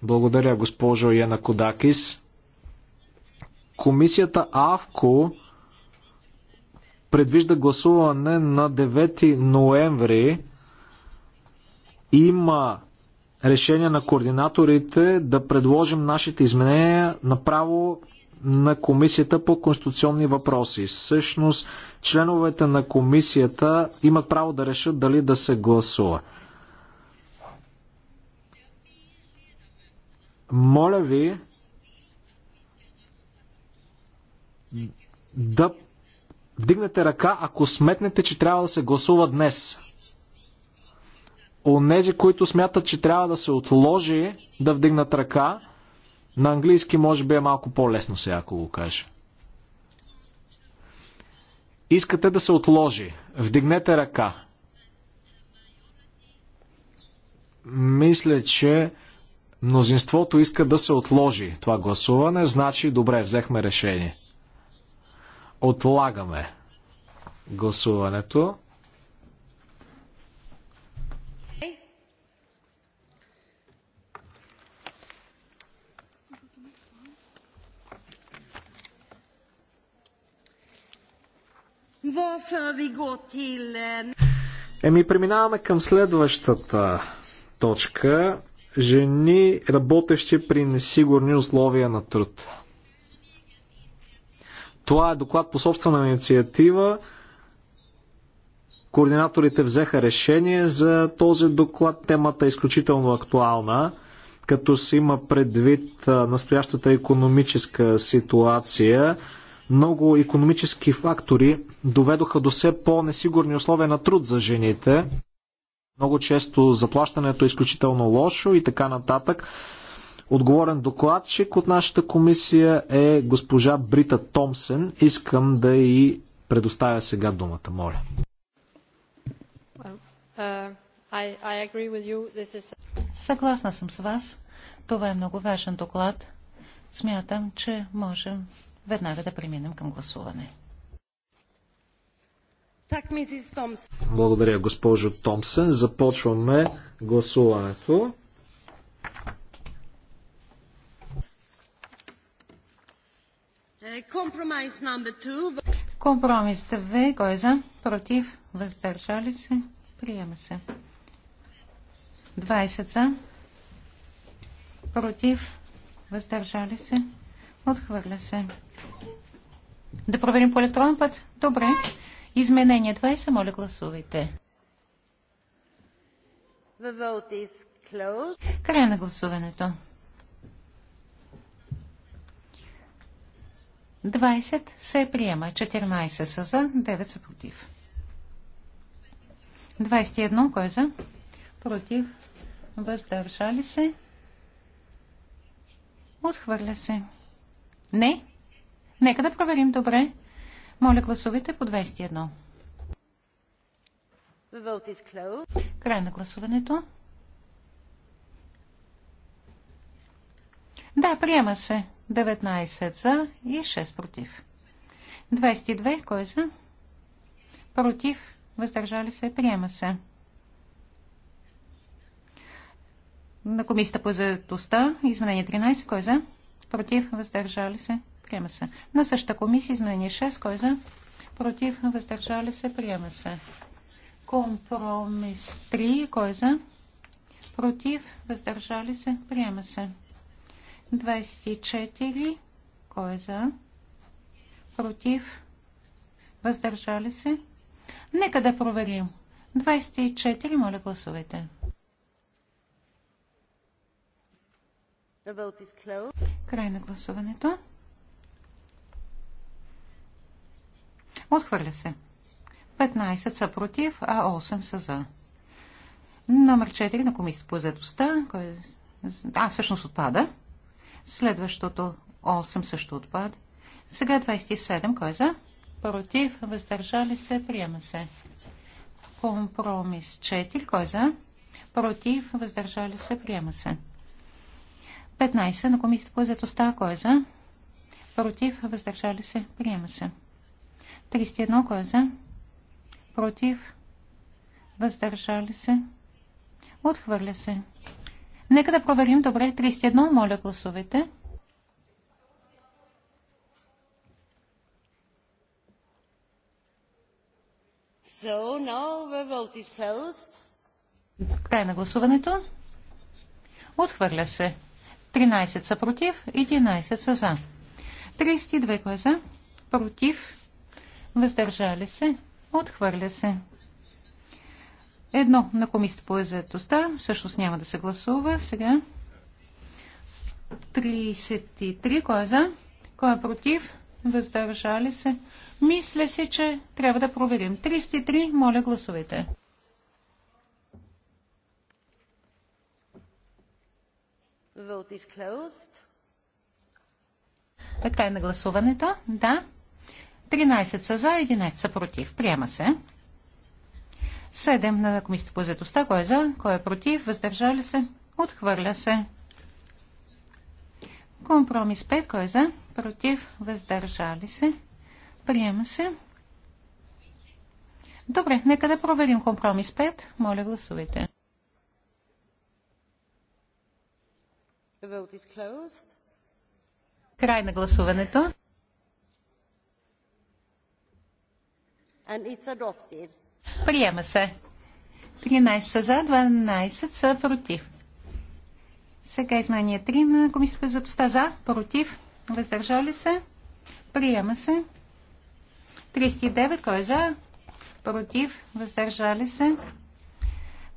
Благодаря, госпожо Яна Кодакис. Комисията АВКО предвижда гласуване на 9 ноември. Има решение на координаторите да предложим нашите изменения направо на Комисията по конституционни въпроси. Всъщност, членовете на Комисията имат право да решат дали да се гласува. Моля ви, да вдигнете ръка, ако сметнете, че трябва да се гласува днес. Онези, които смятат, че трябва да се отложи да вдигнат ръка, на английски може би е малко по-лесно сега, ако го кажа. Искате да се отложи. Вдигнете ръка. Мисля, че мнозинството иска да се отложи това гласуване, значи добре, взехме решение. Отлагаме гласуването. Eh, Еми, преминаваме към следващата точка. Жени, работещи при несигурни условия на труд. Това е доклад по собствена инициатива. Координаторите взеха решение за този доклад. Темата е изключително актуална, като се има предвид настоящата економическа ситуация. Много економически фактори доведоха до все по-несигурни условия на труд за жените. Много често заплащането е изключително лошо и така нататък. Отговорен докладчик от нашата комисия е госпожа Брита Томсен. Искам да и предоставя сега думата, моля. Uh, Съгласна съм с вас. Това е много важен доклад. Смятам, че можем веднага да преминем към гласуване. Благодаря, госпожо Томсен. Започваме гласуването. Компромис 2. Кой е за? Против? Въздържали се? Приема се. 20 за. Против? Въздържали се? Отхвърля се. Да проверим по електронен път? Добре. Изменение 20. Моля, гласувайте. Край на гласуването. 20 се приема. 14 са за, 9 са против. 21 кой е за? Против. Въздържали се. Отхвърля се. Не? Нека да проверим добре. Моля гласовете по 21. Край на гласуването. Да, приема се. 19 за и 6 против. 22. Кой е за? Против. Въздържали се. Приема се. На комисията по заедостта. Изменение 13. Кой е за? Против. Въздържали се. Приема се. На същата комисия. Изменение 6. Кой е за? Против. Въздържали се. Приема се. Компромис 3. Кой за? Против. Въздържали се. Приема се. 24. Кой е за? Против? Въздържали се? Нека да проверим. 24. Моля, гласувайте. Край на гласуването. Отхвърля се. 15 са против, а 8 са за. Номер 4 на комисията по заедостта. Кой... Е а, всъщност отпада. Следващото 8 също отпада. Сега 27. Кой е за? Против. Въздържали се. Приема се. Компромис 4. Кой е за? Против. Въздържали се. Приема се. 15. На комисията по заедостта. Кой е за? Против. Въздържали се. Приема се. 31. Кой е за? Против. Въздържали се. Отхвърля се. Нека да проверим добре 31. Моля, гласувайте. So now the vote is closed. Край на гласуването. Отхвърля се. 13 са против, 11 са за. 32 кое за? Против. Въздържали се. Отхвърля се. Едно на комисията по заедостта, всъщност няма да се гласува. Сега 33, кой е за? Кой е против? Въздържали се? Мисля си, че трябва да проверим. 33, моля гласувайте. Така е на гласуването. Да. 13 са за, 11 са против. Приема се. 7 на комисията по заедостта. Кой е за? Кой е против? Въздържали се? Отхвърля се. Компромис 5. Кой е за? Против? Въздържали се? Приема се. Добре, нека да проверим компромис 5. Моля, гласувайте. Край на гласуването. And it's adopted. Приема се. 13 за, 12 са против. Сега изменение 3 на Комисията за тоста за, против, въздържали се. Приема се. 39, кой е за? Против, въздържали се.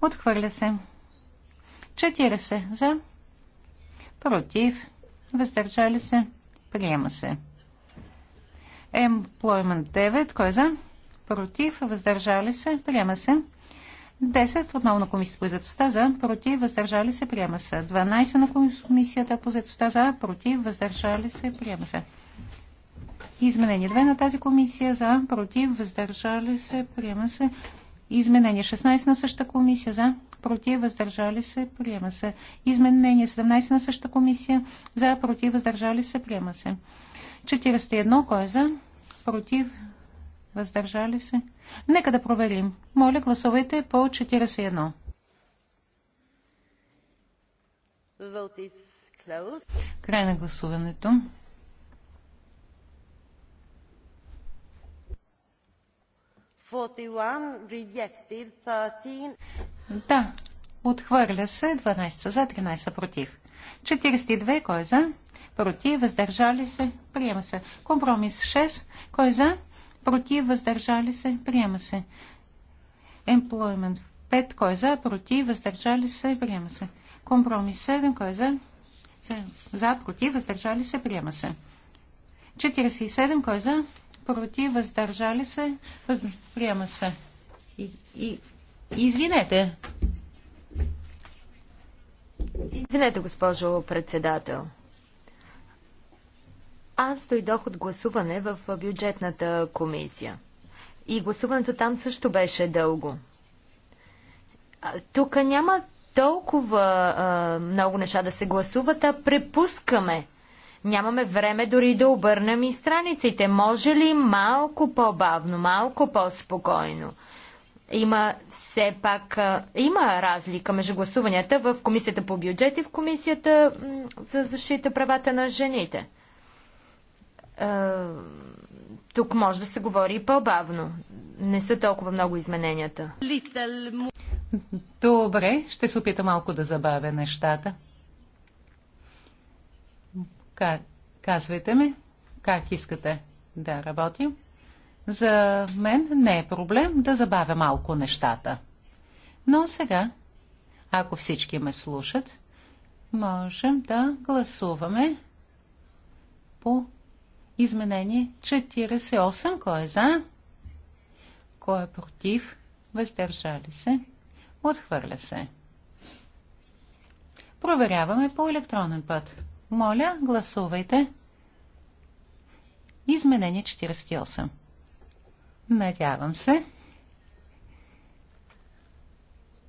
Отхвърля се. 40 за. Против, въздържали се. Приема се. Employment 9, кой е за? против, въздържали се, приема се. 10 отново на комисията по заедостта за, против, въздържали се, приема се. 12 на комисията по заедостта за, против, въздържали се, приема се. Изменение 2 на тази комисия за, против, въздържали се, приема се. Изменение 16 на същата комисия за, против, въздържали се, приема се. Изменение 17 на същата комисия за, против, въздържали се, приема се. 41 кой е за, против, Въздържали се? Нека да проверим. Моля, гласувайте по 41. Край на гласуването. Да, отхвърля се 12 за, 13 против. 42, кой е за? Против, въздържали се, приема се. Компромис 6, кой е за? против, въздържали се, приема се. Employment 5, кой е за, против, въздържали се, приема се. Компромис 7, кой е за, за, против, въздържали се, приема се. 47, кой е за, против, въздържали се, въз... приема се. И, и, извинете. Извинете, госпожо председател. Аз дойдох от гласуване в бюджетната комисия. И гласуването там също беше дълго. Тук няма толкова а, много неща да се гласуват, а препускаме. Нямаме време дори да обърнем и страниците. Може ли малко по-бавно, малко по-спокойно? Има все пак а, има разлика между гласуванията в Комисията по бюджет и в Комисията за защита правата на жените тук може да се говори и по-бавно. Не са толкова много измененията. Добре, ще се опита малко да забавя нещата. Как, казвайте ми, как искате да работим. За мен не е проблем да забавя малко нещата. Но сега, ако всички ме слушат, можем да гласуваме по Изменение 48. Кой е за? Кой е против? Въздържали се? Отхвърля се. Проверяваме по електронен път. Моля, гласувайте. Изменение 48. Надявам се,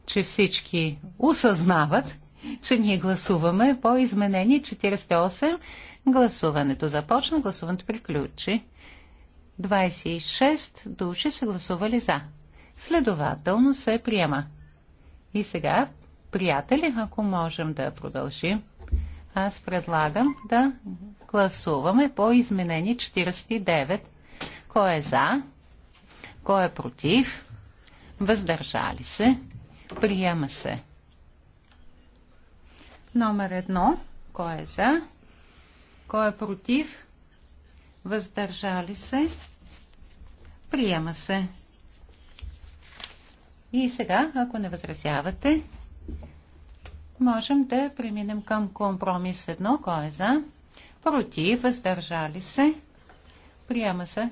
че всички осъзнават, че ние гласуваме по изменение 48 Гласуването започна, гласуването приключи. 26 души са гласували за. Следователно се приема. И сега, приятели, ако можем да продължим, аз предлагам да гласуваме по изменение 49. Кой е за? Кой е против? Въздържали се? Приема се. Номер едно. Кой е за? Кой е против? Въздържали се? Приема се. И сега, ако не възразявате, можем да преминем към компромис 1. Кой е за? Против? Въздържали се? Приема се.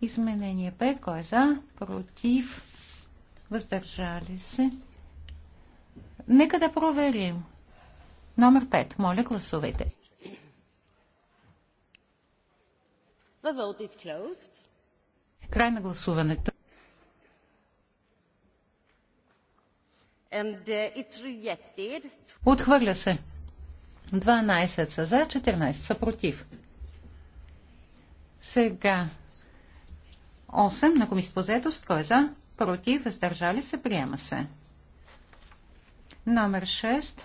Изменение 5. Кой е за? Против? Въздържали се? Нека да проверим. Номер 5. Моля, гласувайте. The vote is closed. Край на гласуването. And uh, it's rejected. Отхвърля се. 12 са за, 14 са против. Сега 8 на комисията по заедост. Кой е за? Против, въздържали се, приема се. Номер 6.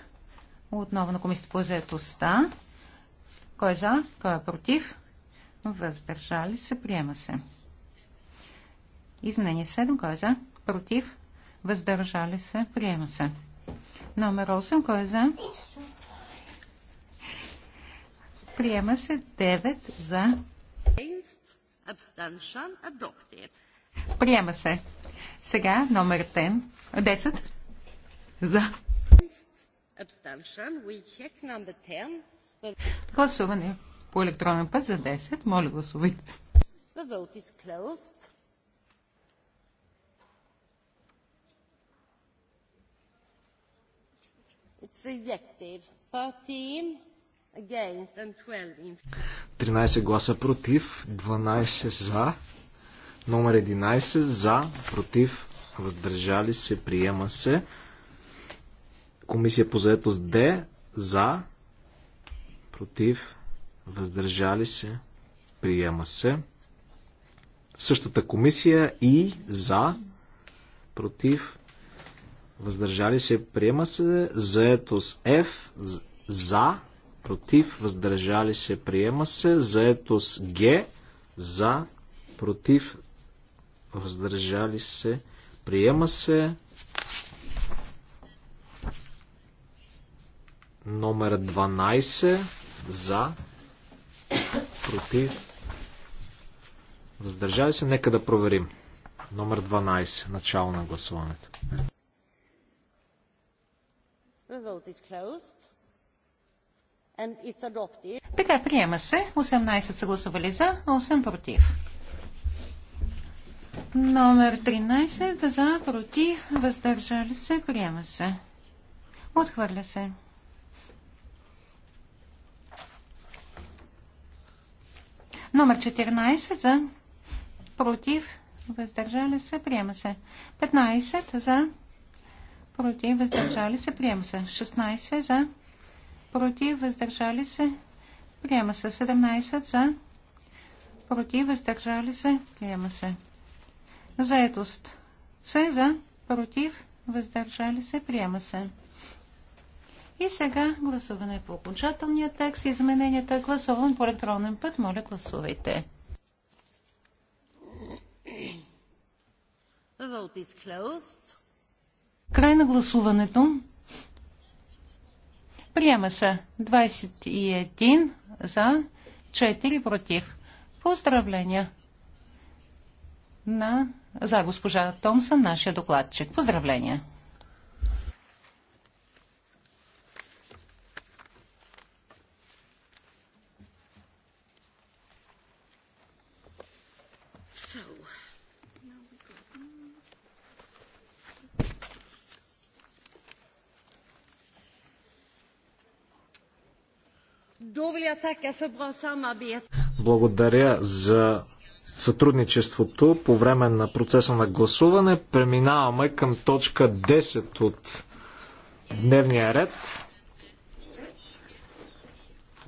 Отново на комисията по заедостта. Кой е за? Кой е против? въздържали се, приема се. Изменение 7, кой е за? Против, въздържали се, приема се. Номер 8, кой е за? Приема се 9 за. Приема се. Сега номер 10. 10. За. Гласуване по електронен път за 10. Моля, гласувайте. The vote is closed. It's rejected. 13 against and 12 in... 13 гласа против, 12 за. Номер 11 за, против, въздържали се, приема се. Комисия по заетост Д за, против, въздържали се, приема се. Същата комисия и за, против, въздържали се, приема се. Заето с F, за, против, въздържали се, приема се. Заето с Г, за, против, въздържали се, приема се. Номер 12, за, против, въздържали се. Нека да проверим. Номер 12, начало на гласуването. Така, приема се. 18 са гласували за, 8 против. Номер 13 за, против, въздържали се, приема се. Отхвърля се. Номер 14 за против, въздържали се, приема се. 15 за против, въздържали се, приема се. 16 за против, въздържали се, приема се. 17 за против, въздържали се, приема се. Заетост. С за против, въздържали се, приема се. И сега гласуване по окончателния текст. Измененията гласувам по електронен път. Моля, гласувайте. Край на гласуването. Приема се 21 за 4 против. Поздравления на, за госпожа Томсън, нашия докладчик. Поздравления! Благодаря за сътрудничеството по време на процеса на гласуване. Преминаваме към точка 10 от дневния ред.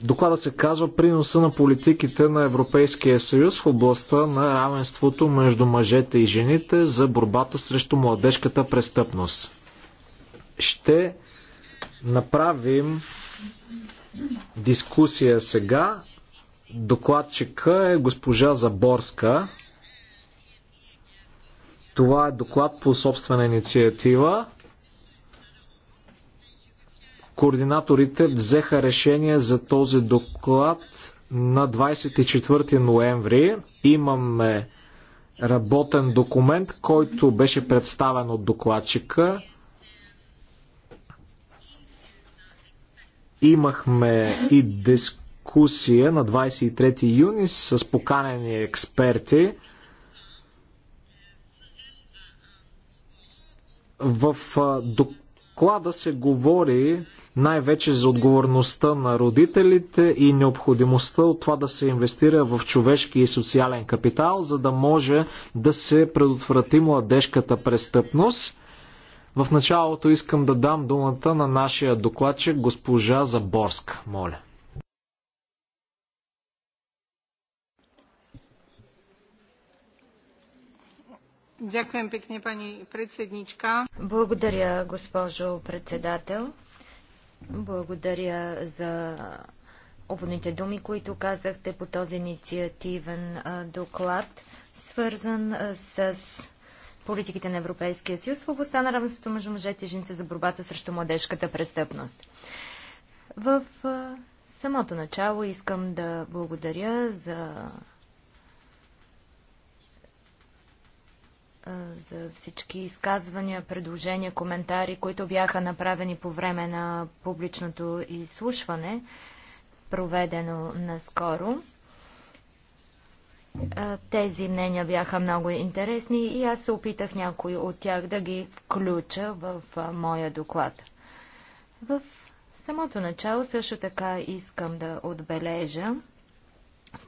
Доклада се казва приноса на политиките на Европейския съюз в областта на равенството между мъжете и жените за борбата срещу младежката престъпност. Ще направим дискусия сега. Докладчика е госпожа Заборска. Това е доклад по собствена инициатива. Координаторите взеха решение за този доклад на 24 ноември. Имаме работен документ, който беше представен от докладчика. Имахме и дискусия на 23 юни с поканени експерти. В доклада се говори най-вече за отговорността на родителите и необходимостта от това да се инвестира в човешки и социален капитал, за да може да се предотврати младежката престъпност. В началото искам да дам думата на нашия докладчик госпожа Заборска. Моля. Благодаря, госпожо председател. Благодаря за уводните думи, които казахте по този инициативен доклад, свързан с политиките на Европейския съюз в областта на равенството между мъжете и жените за борбата срещу младежката престъпност. В самото начало искам да благодаря за за всички изказвания, предложения, коментари, които бяха направени по време на публичното изслушване, проведено наскоро. Тези мнения бяха много интересни и аз се опитах някои от тях да ги включа в моя доклад. В самото начало също така искам да отбележа,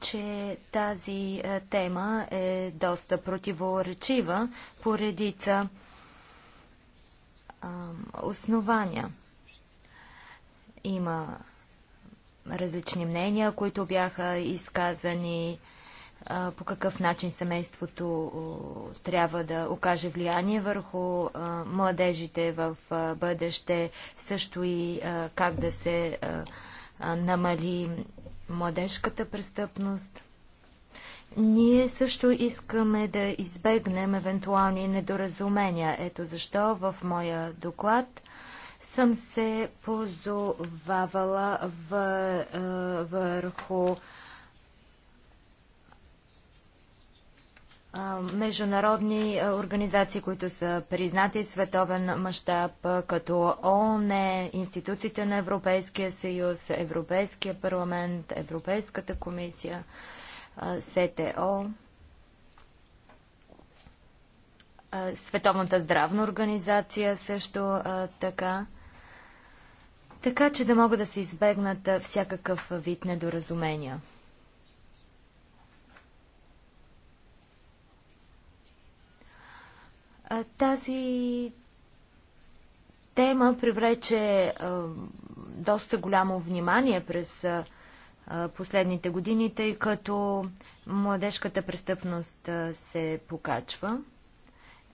че тази тема е доста противоречива по редица основания. Има различни мнения, които бяха изказани по какъв начин семейството трябва да окаже влияние върху младежите в бъдеще, също и как да се намали младежката престъпност. Ние също искаме да избегнем евентуални недоразумения. Ето защо в моя доклад съм се позовавала върху международни организации, които са признати световен мащаб, като ООН, институциите на Европейския съюз, Европейския парламент, Европейската комисия, СТО, Световната здравна организация също така. Така че да могат да се избегнат всякакъв вид недоразумения. Тази тема привлече доста голямо внимание през последните години, тъй като младежката престъпност се покачва.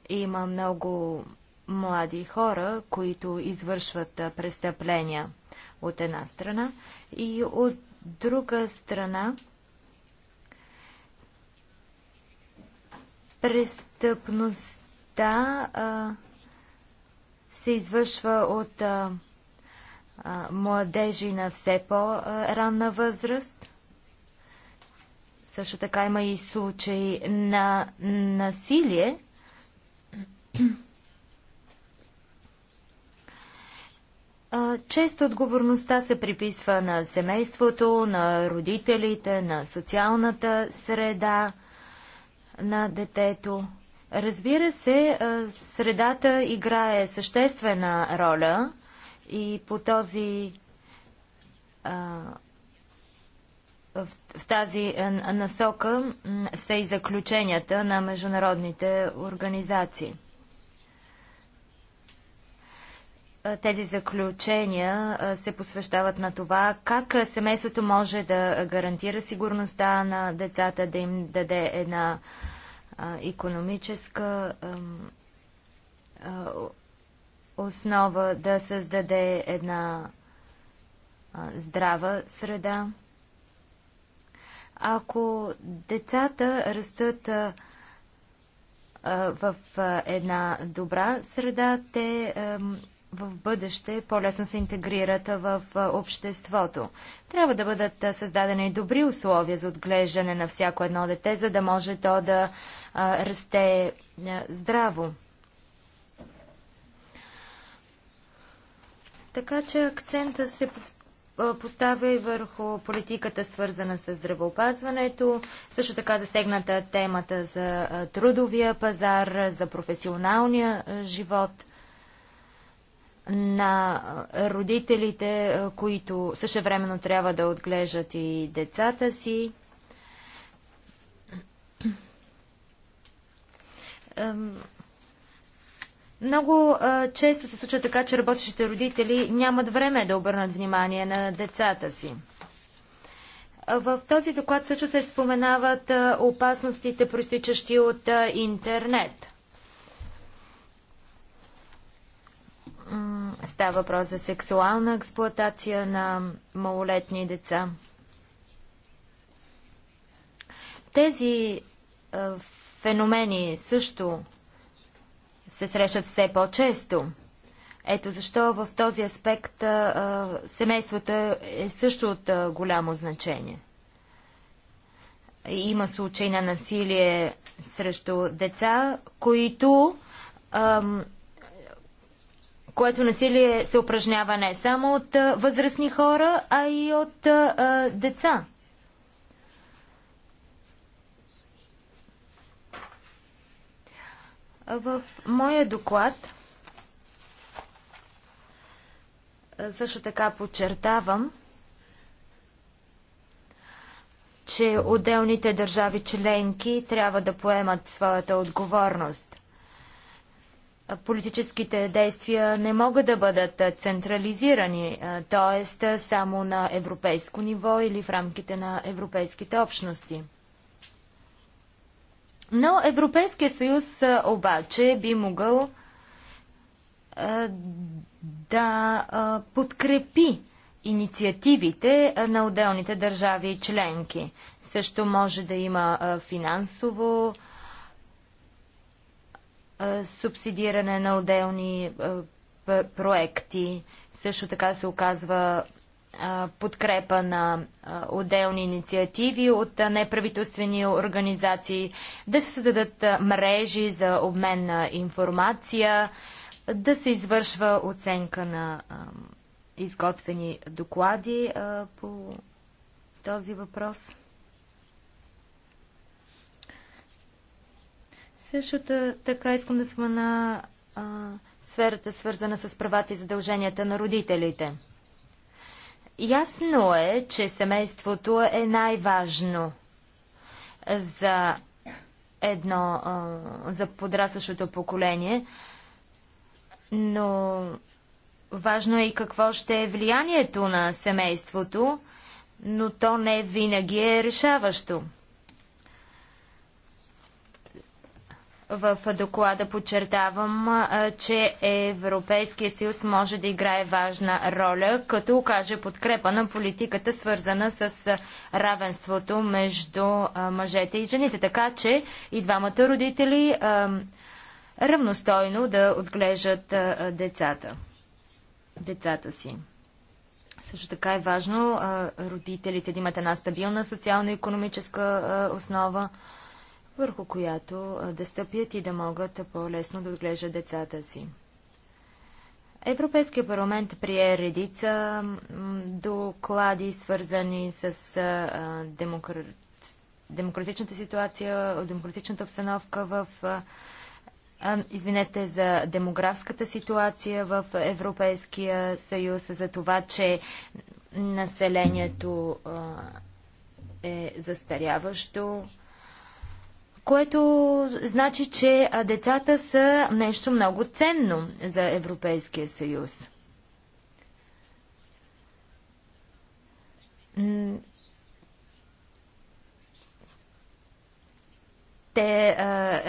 Има много млади хора, които извършват престъпления от една страна и от друга страна престъпност да, а, се извършва от а, а, младежи на все по-ранна възраст. Също така има и случаи на насилие. Често отговорността се приписва на семейството, на родителите, на социалната среда на детето. Разбира се, средата играе съществена роля и по този в тази насока са и заключенията на международните организации. Тези заключения се посвещават на това как семейството може да гарантира сигурността на децата, да им даде една економическа основа, да създаде една здрава среда. Ако децата растат в една добра среда, те в бъдеще по-лесно се интегрират в обществото. Трябва да бъдат създадени добри условия за отглеждане на всяко едно дете, за да може то да расте здраво. Така че акцента се поставя и върху политиката свързана с здравеопазването. Също така засегната темата за трудовия пазар, за професионалния живот – на родителите, които същевременно трябва да отглеждат и децата си. Много често се случва така, че работещите родители нямат време да обърнат внимание на децата си. В този доклад също се споменават опасностите, проистичащи от интернет – Става въпрос за сексуална експлоатация на малолетни деца. Тези е, феномени също се срещат все по-често. Ето защо в този аспект е, семейството е също от е, голямо значение. Има случаи на насилие срещу деца, които което насилие се упражнява не само от възрастни хора, а и от а, деца. В моя доклад също така подчертавам, че отделните държави членки трябва да поемат своята отговорност – политическите действия не могат да бъдат централизирани, т.е. само на европейско ниво или в рамките на европейските общности. Но Европейския съюз обаче би могъл да подкрепи инициативите на отделните държави и членки. Също може да има финансово субсидиране на отделни проекти. Също така се оказва подкрепа на отделни инициативи от неправителствени организации, да се създадат мрежи за обмен на информация, да се извършва оценка на изготвени доклади по този въпрос. Също така искам да спомена сферата, свързана с правата и задълженията на родителите. Ясно е, че семейството е най-важно за едно, а, за подрастващото поколение, но важно е и какво ще е влиянието на семейството, но то не винаги е решаващо. В доклада подчертавам, че Европейския съюз може да играе важна роля, като окаже подкрепа на политиката, свързана с равенството между мъжете и жените. Така че и двамата родители равностойно да отглеждат децата, децата си. Също така е важно родителите да имат една стабилна социално-економическа основа, върху която да стъпят и да могат по-лесно да отглеждат децата си. Европейския парламент прие редица доклади, свързани с демократ... демократичната ситуация, демократичната обстановка в извинете, за демографската ситуация в Европейския съюз, за това, че населението е застаряващо което значи, че децата са нещо много ценно за Европейския съюз. Те,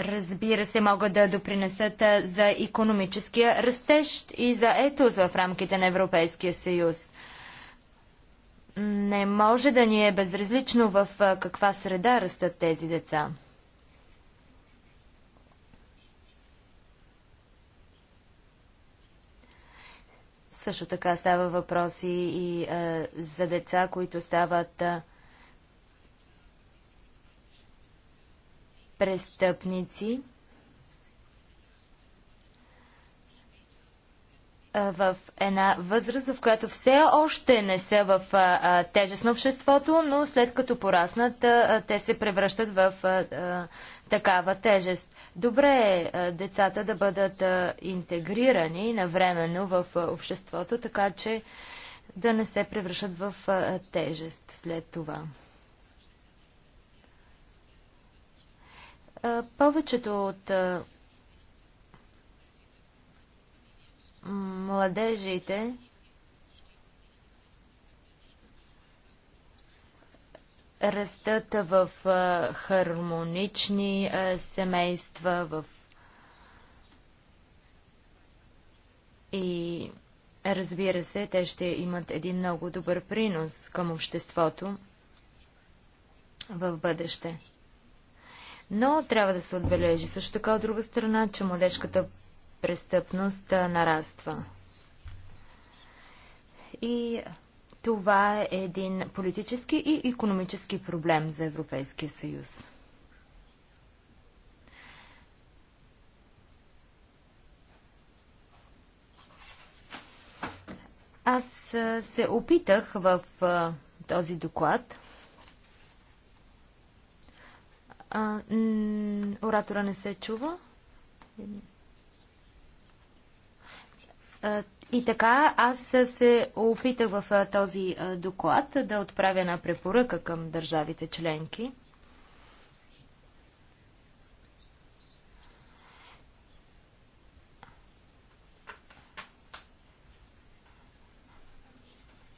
разбира се, могат да допринесат за економическия растеж и за етос в рамките на Европейския съюз. Не може да ни е безразлично в каква среда растат тези деца. Също така става въпроси и а, за деца, които стават а, престъпници. в една възраст, в която все още не са в тежест на обществото, но след като пораснат, те се превръщат в такава тежест. Добре е децата да бъдат интегрирани навременно в обществото, така че да не се превръщат в тежест след това. Повечето от младежите растат в хармонични семейства, в и разбира се, те ще имат един много добър принос към обществото в бъдеще. Но трябва да се отбележи също така от друга страна, че младежката престъпност нараства. И това е един политически и економически проблем за Европейския съюз. Аз се опитах в този доклад. оратора не се чува. И така, аз се опитах в този доклад да отправя една препоръка към държавите членки.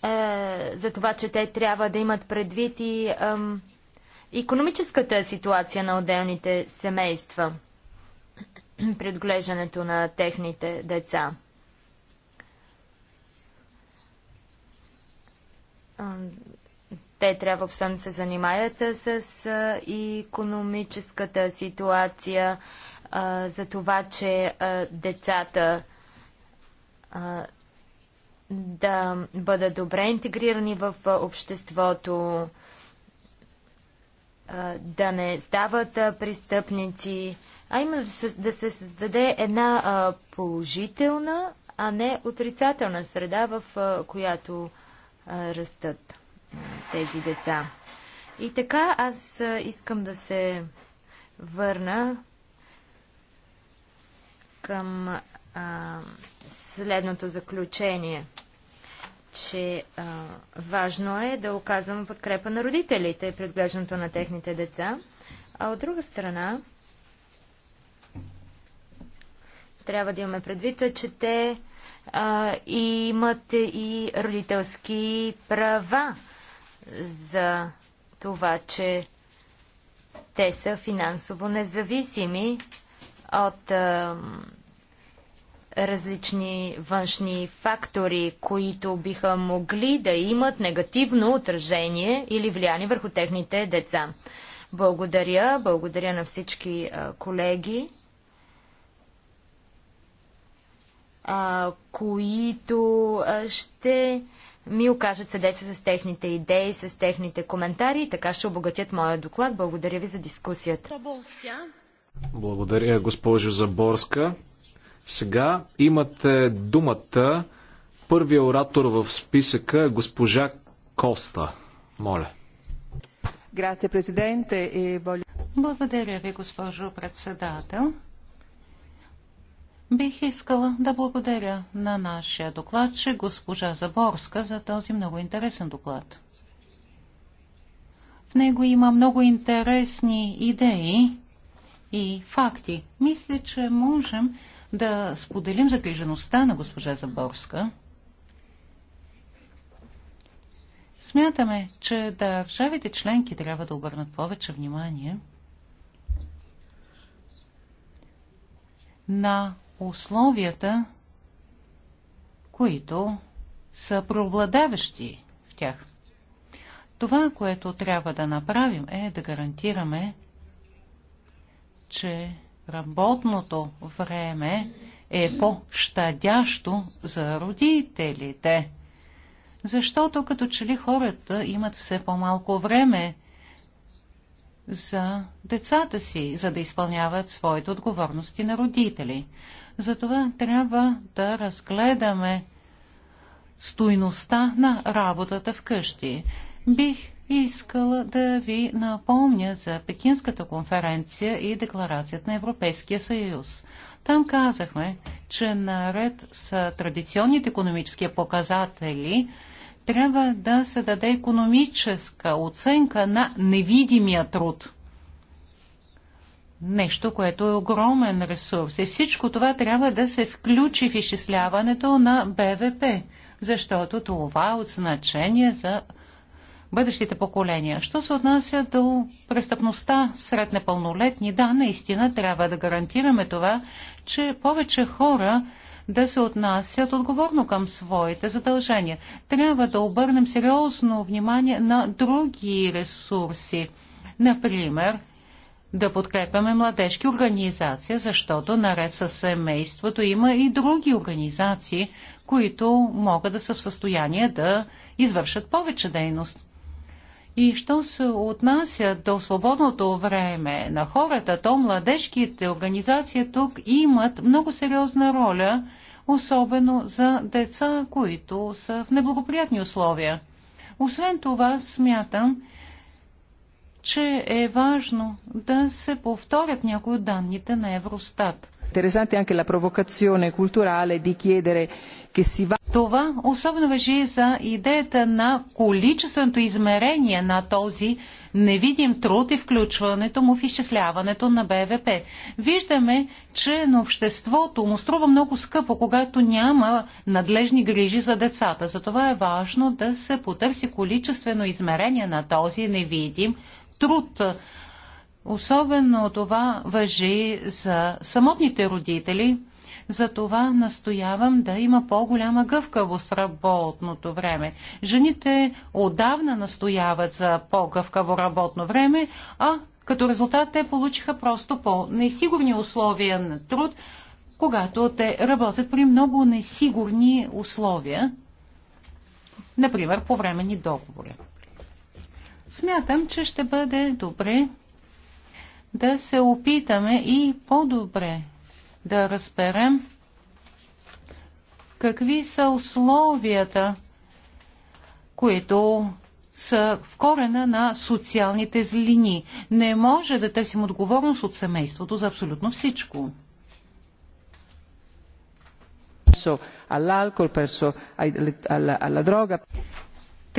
Е, за това, че те трябва да имат предвид и ам, економическата ситуация на отделните семейства при отглеждането на техните деца. те трябва в да се занимаят с економическата ситуация, за това, че децата да бъдат добре интегрирани в обществото, да не стават престъпници, а именно да се създаде една положителна, а не отрицателна среда, в която растат тези деца. И така аз искам да се върна към а, следното заключение, че а, важно е да оказвам подкрепа на родителите и предглеждането на техните деца, а от друга страна трябва да имаме предвид, че те и имат и родителски права за това, че те са финансово независими от а, различни външни фактори, които биха могли да имат негативно отражение или влияние върху техните деца. Благодаря, благодаря на всички а, колеги. а, които ще ми окажат съдеса с техните идеи, с техните коментари и така ще обогатят моя доклад. Благодаря ви за дискусията. Благодаря, госпожо Заборска. Сега имате думата. Първият оратор в списъка е госпожа Коста. Моля. Благодаря ви, госпожо председател. Бих искала да благодаря на нашия докладчик, госпожа Заборска, за този много интересен доклад. В него има много интересни идеи и факти. Мисля, че можем да споделим загрижеността на госпожа Заборска. Смятаме, че държавите членки трябва да обърнат повече внимание на условията, които са преобладаващи в тях. Това, което трябва да направим е да гарантираме, че работното време е по-щадящо за родителите. Защото като че ли хората имат все по-малко време за децата си, за да изпълняват своите отговорности на родители. Затова трябва да разгледаме стойността на работата вкъщи. Бих искала да ви напомня за Пекинската конференция и Декларацията на Европейския съюз. Там казахме, че наред с традиционните економически показатели трябва да се даде економическа оценка на невидимия труд нещо, което е огромен ресурс. И всичко това трябва да се включи в изчисляването на БВП, защото това е от значение за бъдещите поколения. Що се отнася до престъпността сред непълнолетни, да, наистина трябва да гарантираме това, че повече хора да се отнасят отговорно към своите задължения. Трябва да обърнем сериозно внимание на други ресурси. Например, да подкрепяме младежки организации, защото наред с семейството има и други организации, които могат да са в състояние да извършат повече дейност. И що се отнася до свободното време на хората, то младежките организации тук имат много сериозна роля, особено за деца, които са в неблагоприятни условия. Освен това, смятам, че е важно да се повторят някои от данните на Евростат. Е Това особено въжи за идеята на количественото измерение на този невидим труд и включването му в изчисляването на БВП. Виждаме, че на обществото му струва много скъпо, когато няма надлежни грижи за децата. Затова е важно да се потърси количествено измерение на този невидим труд. Особено това въжи за самотните родители. Затова настоявам да има по-голяма гъвкавост в работното време. Жените отдавна настояват за по-гъвкаво работно време, а като резултат те получиха просто по-несигурни условия на труд, когато те работят при много несигурни условия, например по времени договори. Смятам, че ще бъде добре да се опитаме и по-добре да разберем какви са условията, които са в корена на социалните злини. Не може да търсим отговорност от семейството за абсолютно всичко. All'alcol, alla, alla droga.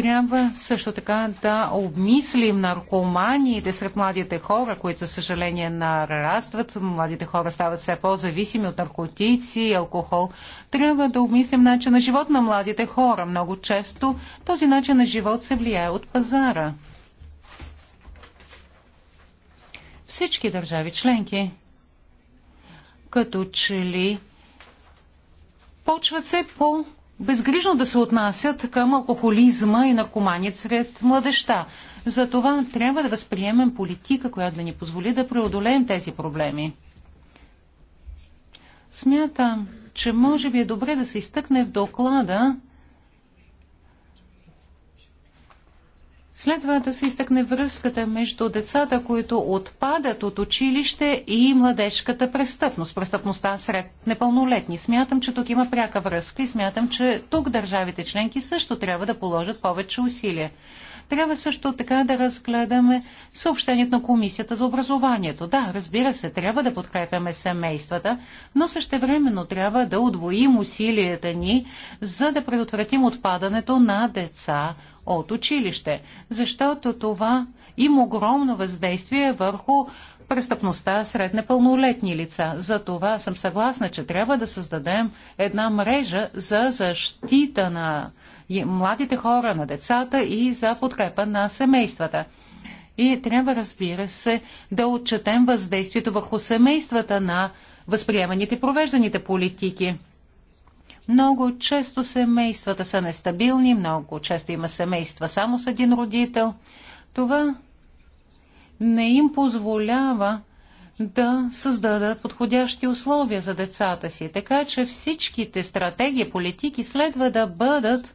Трябва също така да обмислим наркоманиите сред младите хора, които за съжаление нарастват. Младите хора стават все по-зависими от наркотици и алкохол. Трябва да обмислим начин на живот на младите хора. Много често този начин на живот се влияе от пазара. Всички държави членки като че ли почват се по- безгрижно да се отнасят към алкохолизма и наркоманият сред младеща. Затова трябва да възприемем политика, която да ни позволи да преодолеем тези проблеми. Смятам, че може би е добре да се изтъкне в доклада Следва да се изтъкне връзката между децата, които отпадат от училище и младежката престъпност, престъпността сред непълнолетни. Смятам, че тук има пряка връзка и смятам, че тук държавите членки също трябва да положат повече усилия. Трябва също така да разгледаме съобщението на Комисията за образованието. Да, разбира се, трябва да подкрепяме семействата, но същевременно трябва да удвоим усилията ни, за да предотвратим отпадането на деца от училище, защото това има огромно въздействие върху престъпността сред непълнолетни лица. За това съм съгласна, че трябва да създадем една мрежа за защита на и младите хора, на децата и за подкрепа на семействата. И трябва, разбира се, да отчетем въздействието върху семействата на възприеманите и провежданите политики. Много често семействата са нестабилни, много често има семейства само с един родител. Това не им позволява да създадат подходящи условия за децата си. Така че всичките стратегии, политики следва да бъдат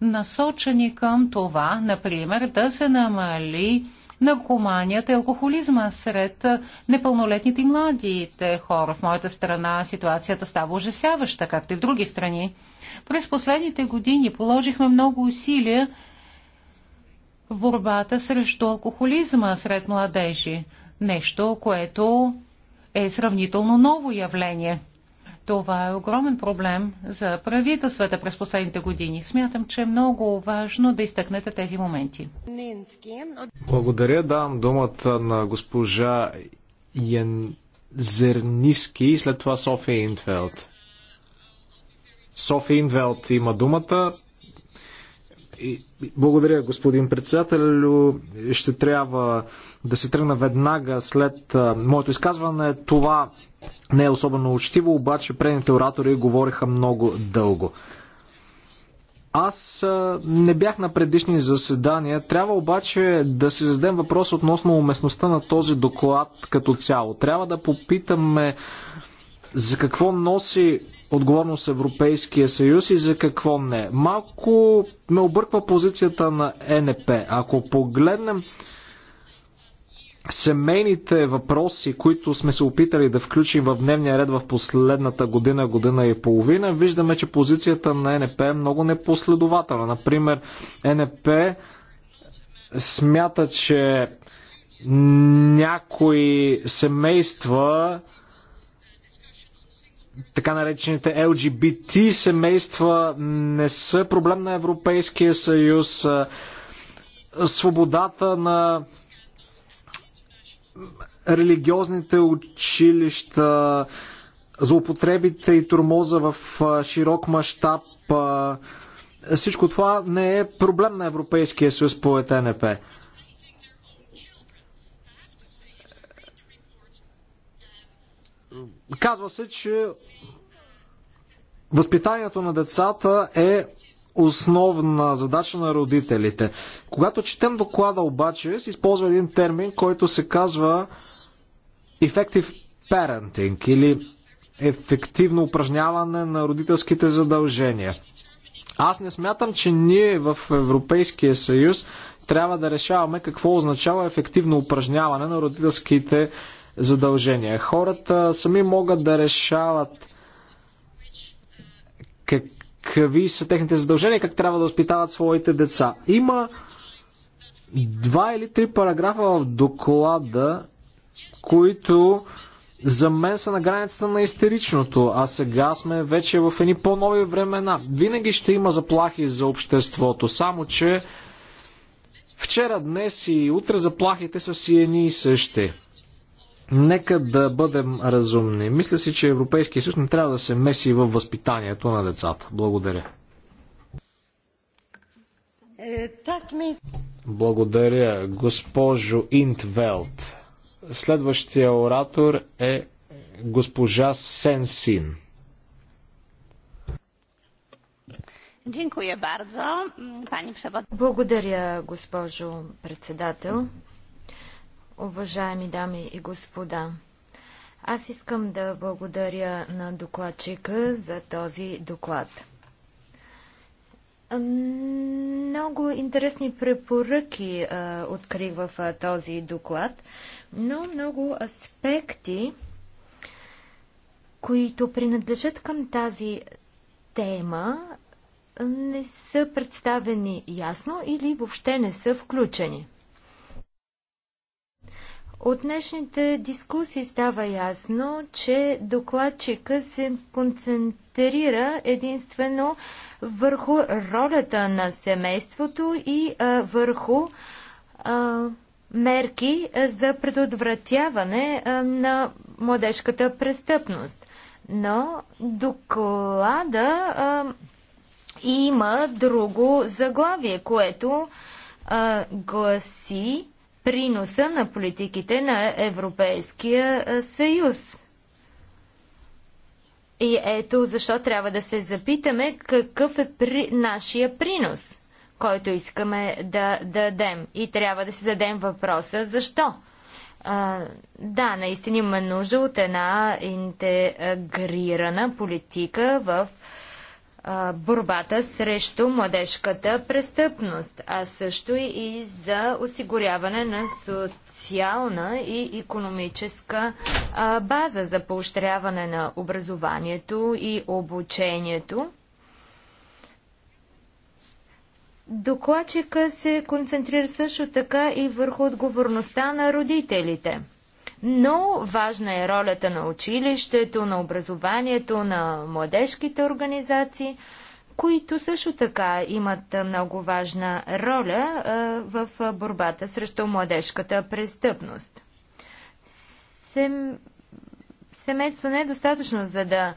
насочени към това, например, да се намали наркоманията и алкохолизма сред непълнолетните и младите хора. В моята страна ситуацията става ужасяваща, както и в други страни. През последните години положихме много усилия в борбата срещу алкохолизма сред младежи. Нещо, което е сравнително ново явление. Това е огромен проблем за правителствата през последните години. Смятам, че е много важно да изтъкнете тези моменти. Благодаря. Давам думата на госпожа Ян Зерниски и след това София Инфелд. София Инвелт има думата. Благодаря, господин председател. Ще трябва да се тръгна веднага след моето изказване. Това не е особено учтиво, обаче предните оратори говориха много дълго. Аз не бях на предишни заседания. Трябва обаче да си зададем въпрос относно уместността на този доклад като цяло. Трябва да попитаме за какво носи отговорност Европейския съюз и за какво не. Малко ме обърква позицията на ЕНП. Ако погледнем семейните въпроси, които сме се опитали да включим в дневния ред в последната година, година и половина, виждаме, че позицията на ЕНП е много непоследователна. Например, ЕНП смята, че някои семейства така наречените LGBT семейства не са проблем на Европейския съюз. Свободата на религиозните училища, злоупотребите и турмоза в широк мащаб, всичко това не е проблем на Европейския съюз по ЕТНП. Казва се, че възпитанието на децата е основна задача на родителите. Когато четем доклада обаче, се използва един термин, който се казва effective parenting или ефективно упражняване на родителските задължения. Аз не смятам, че ние в Европейския съюз трябва да решаваме какво означава ефективно упражняване на родителските задължения. Хората сами могат да решават какви са техните задължения, как трябва да възпитават своите деца. Има два или три параграфа в доклада, които за мен са на границата на истеричното, а сега сме вече в едни по-нови времена. Винаги ще има заплахи за обществото, само че вчера, днес и утре заплахите са си едни и същи. Нека да бъдем разумни. Мисля си, че Европейския съюз не трябва да се меси в възпитанието на децата. Благодаря. Е, Благодаря, госпожо Интвелт. Следващия оратор е госпожа Сенсин. Благодаря, госпожо председател. Уважаеми дами и господа, аз искам да благодаря на докладчика за този доклад. Много интересни препоръки а, открих в а, този доклад, но много аспекти, които принадлежат към тази тема, не са представени ясно или въобще не са включени. От днешните дискусии става ясно, че докладчика се концентрира единствено върху ролята на семейството и а, върху а, мерки за предотвратяване а, на младежката престъпност. Но доклада а, има друго заглавие, което а, гласи приноса на политиките на Европейския съюз. И ето защо трябва да се запитаме какъв е при... нашия принос, който искаме да дадем. И трябва да си зададем въпроса защо. А, да, наистина има нужда от една интегрирана политика в а, борбата срещу младежката престъпност, а също и за осигуряване на социална и економическа база за поощряване на образованието и обучението. Докладчика се концентрира също така и върху отговорността на родителите – но важна е ролята на училището, на образованието, на младежките организации, които също така имат много важна роля в борбата срещу младежката престъпност. Сем... Семейство не е достатъчно, за да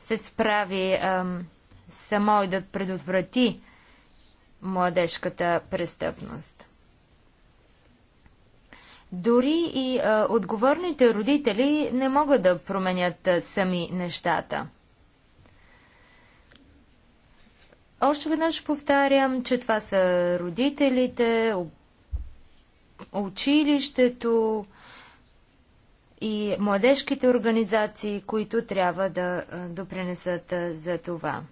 се справи ам, само и да предотврати младежката престъпност. Дори и а, отговорните родители не могат да променят а, сами нещата. Още веднъж повтарям, че това са родителите, училището и младежките организации, които трябва да допринесат за това.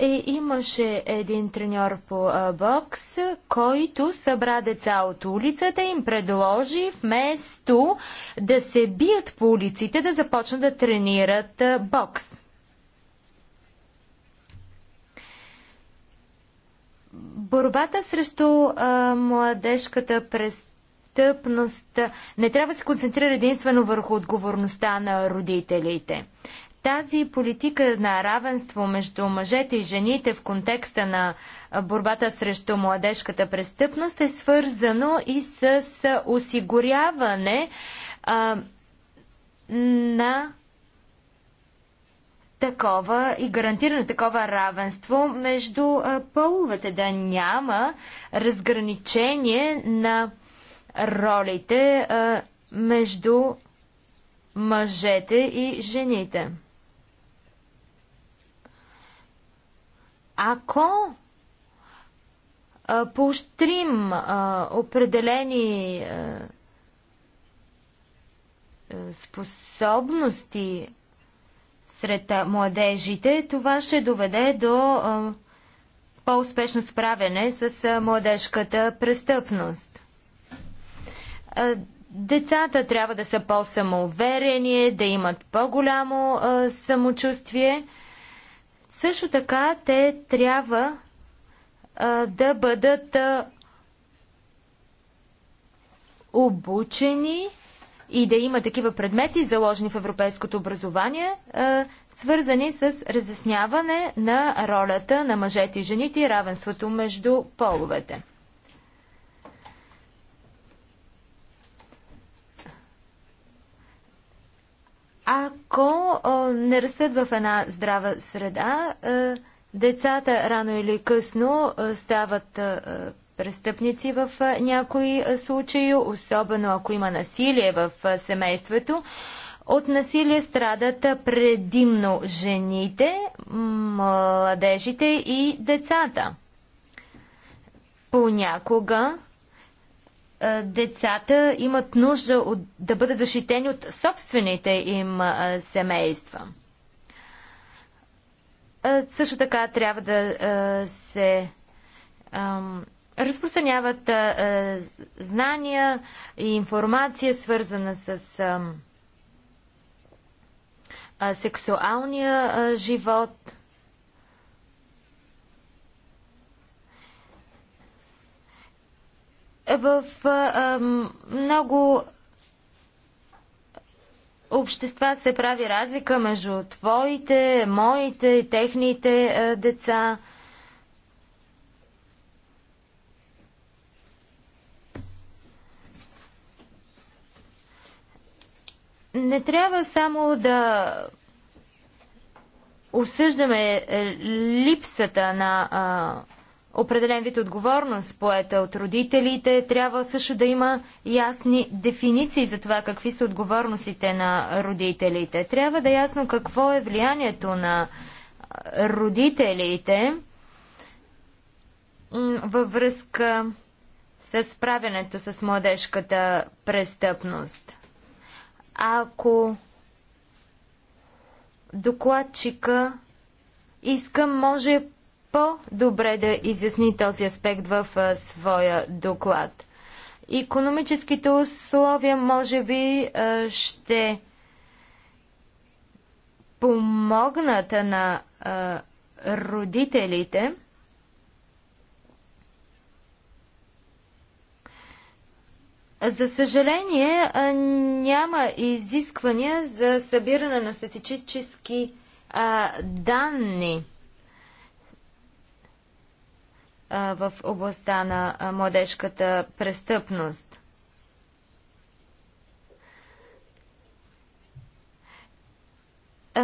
И е, имаше един треньор по а, бокс, който събра деца от улицата и им предложи вместо да се бият по улиците, да започнат да тренират а, бокс. Борбата срещу а, младежката престъпност не трябва да се концентрира единствено върху отговорността на родителите. Тази политика на равенство между мъжете и жените в контекста на борбата срещу младежката престъпност е свързано и с осигуряване а, на такова и гарантирано такова равенство между половете, да няма разграничение на ролите а, между мъжете и жените. Ако поощрим определени способности сред младежите, това ще доведе до по-успешно справяне с младежката престъпност. Децата трябва да са по-самоуверени, да имат по-голямо самочувствие – също така те трябва а, да бъдат а, обучени и да има такива предмети, заложени в европейското образование, а, свързани с разясняване на ролята на мъжете и жените и равенството между половете. Ако не растат в една здрава среда, децата рано или късно стават престъпници в някои случаи, особено ако има насилие в семейството. От насилие страдат предимно жените, младежите и децата. Понякога децата имат нужда от, да бъдат защитени от собствените им семейства. Също така трябва да се разпространяват знания и информация, свързана с сексуалния живот. в а, много общества се прави разлика между твоите, моите, техните а, деца. Не трябва само да осъждаме е, липсата на а, определен вид отговорност поета от родителите. Трябва също да има ясни дефиниции за това какви са отговорностите на родителите. Трябва да е ясно какво е влиянието на родителите във връзка с справянето с младежката престъпност. Ако докладчика иска, може по-добре да изясни този аспект в а, своя доклад. Економическите условия може би а, ще помогнат на а, родителите За съжаление, няма изисквания за събиране на статистически данни в областта на младежката престъпност.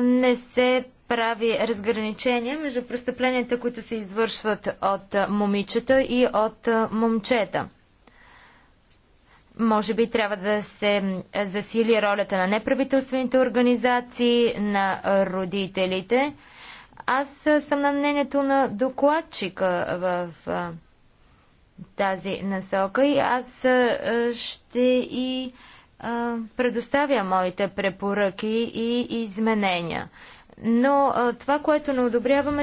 Не се прави разграничение между престъпленията, които се извършват от момичета и от момчета. Може би трябва да се засили ролята на неправителствените организации, на родителите – аз съм на мнението на докладчика в тази насока и аз ще и предоставя моите препоръки и изменения. Но това, което не одобряваме,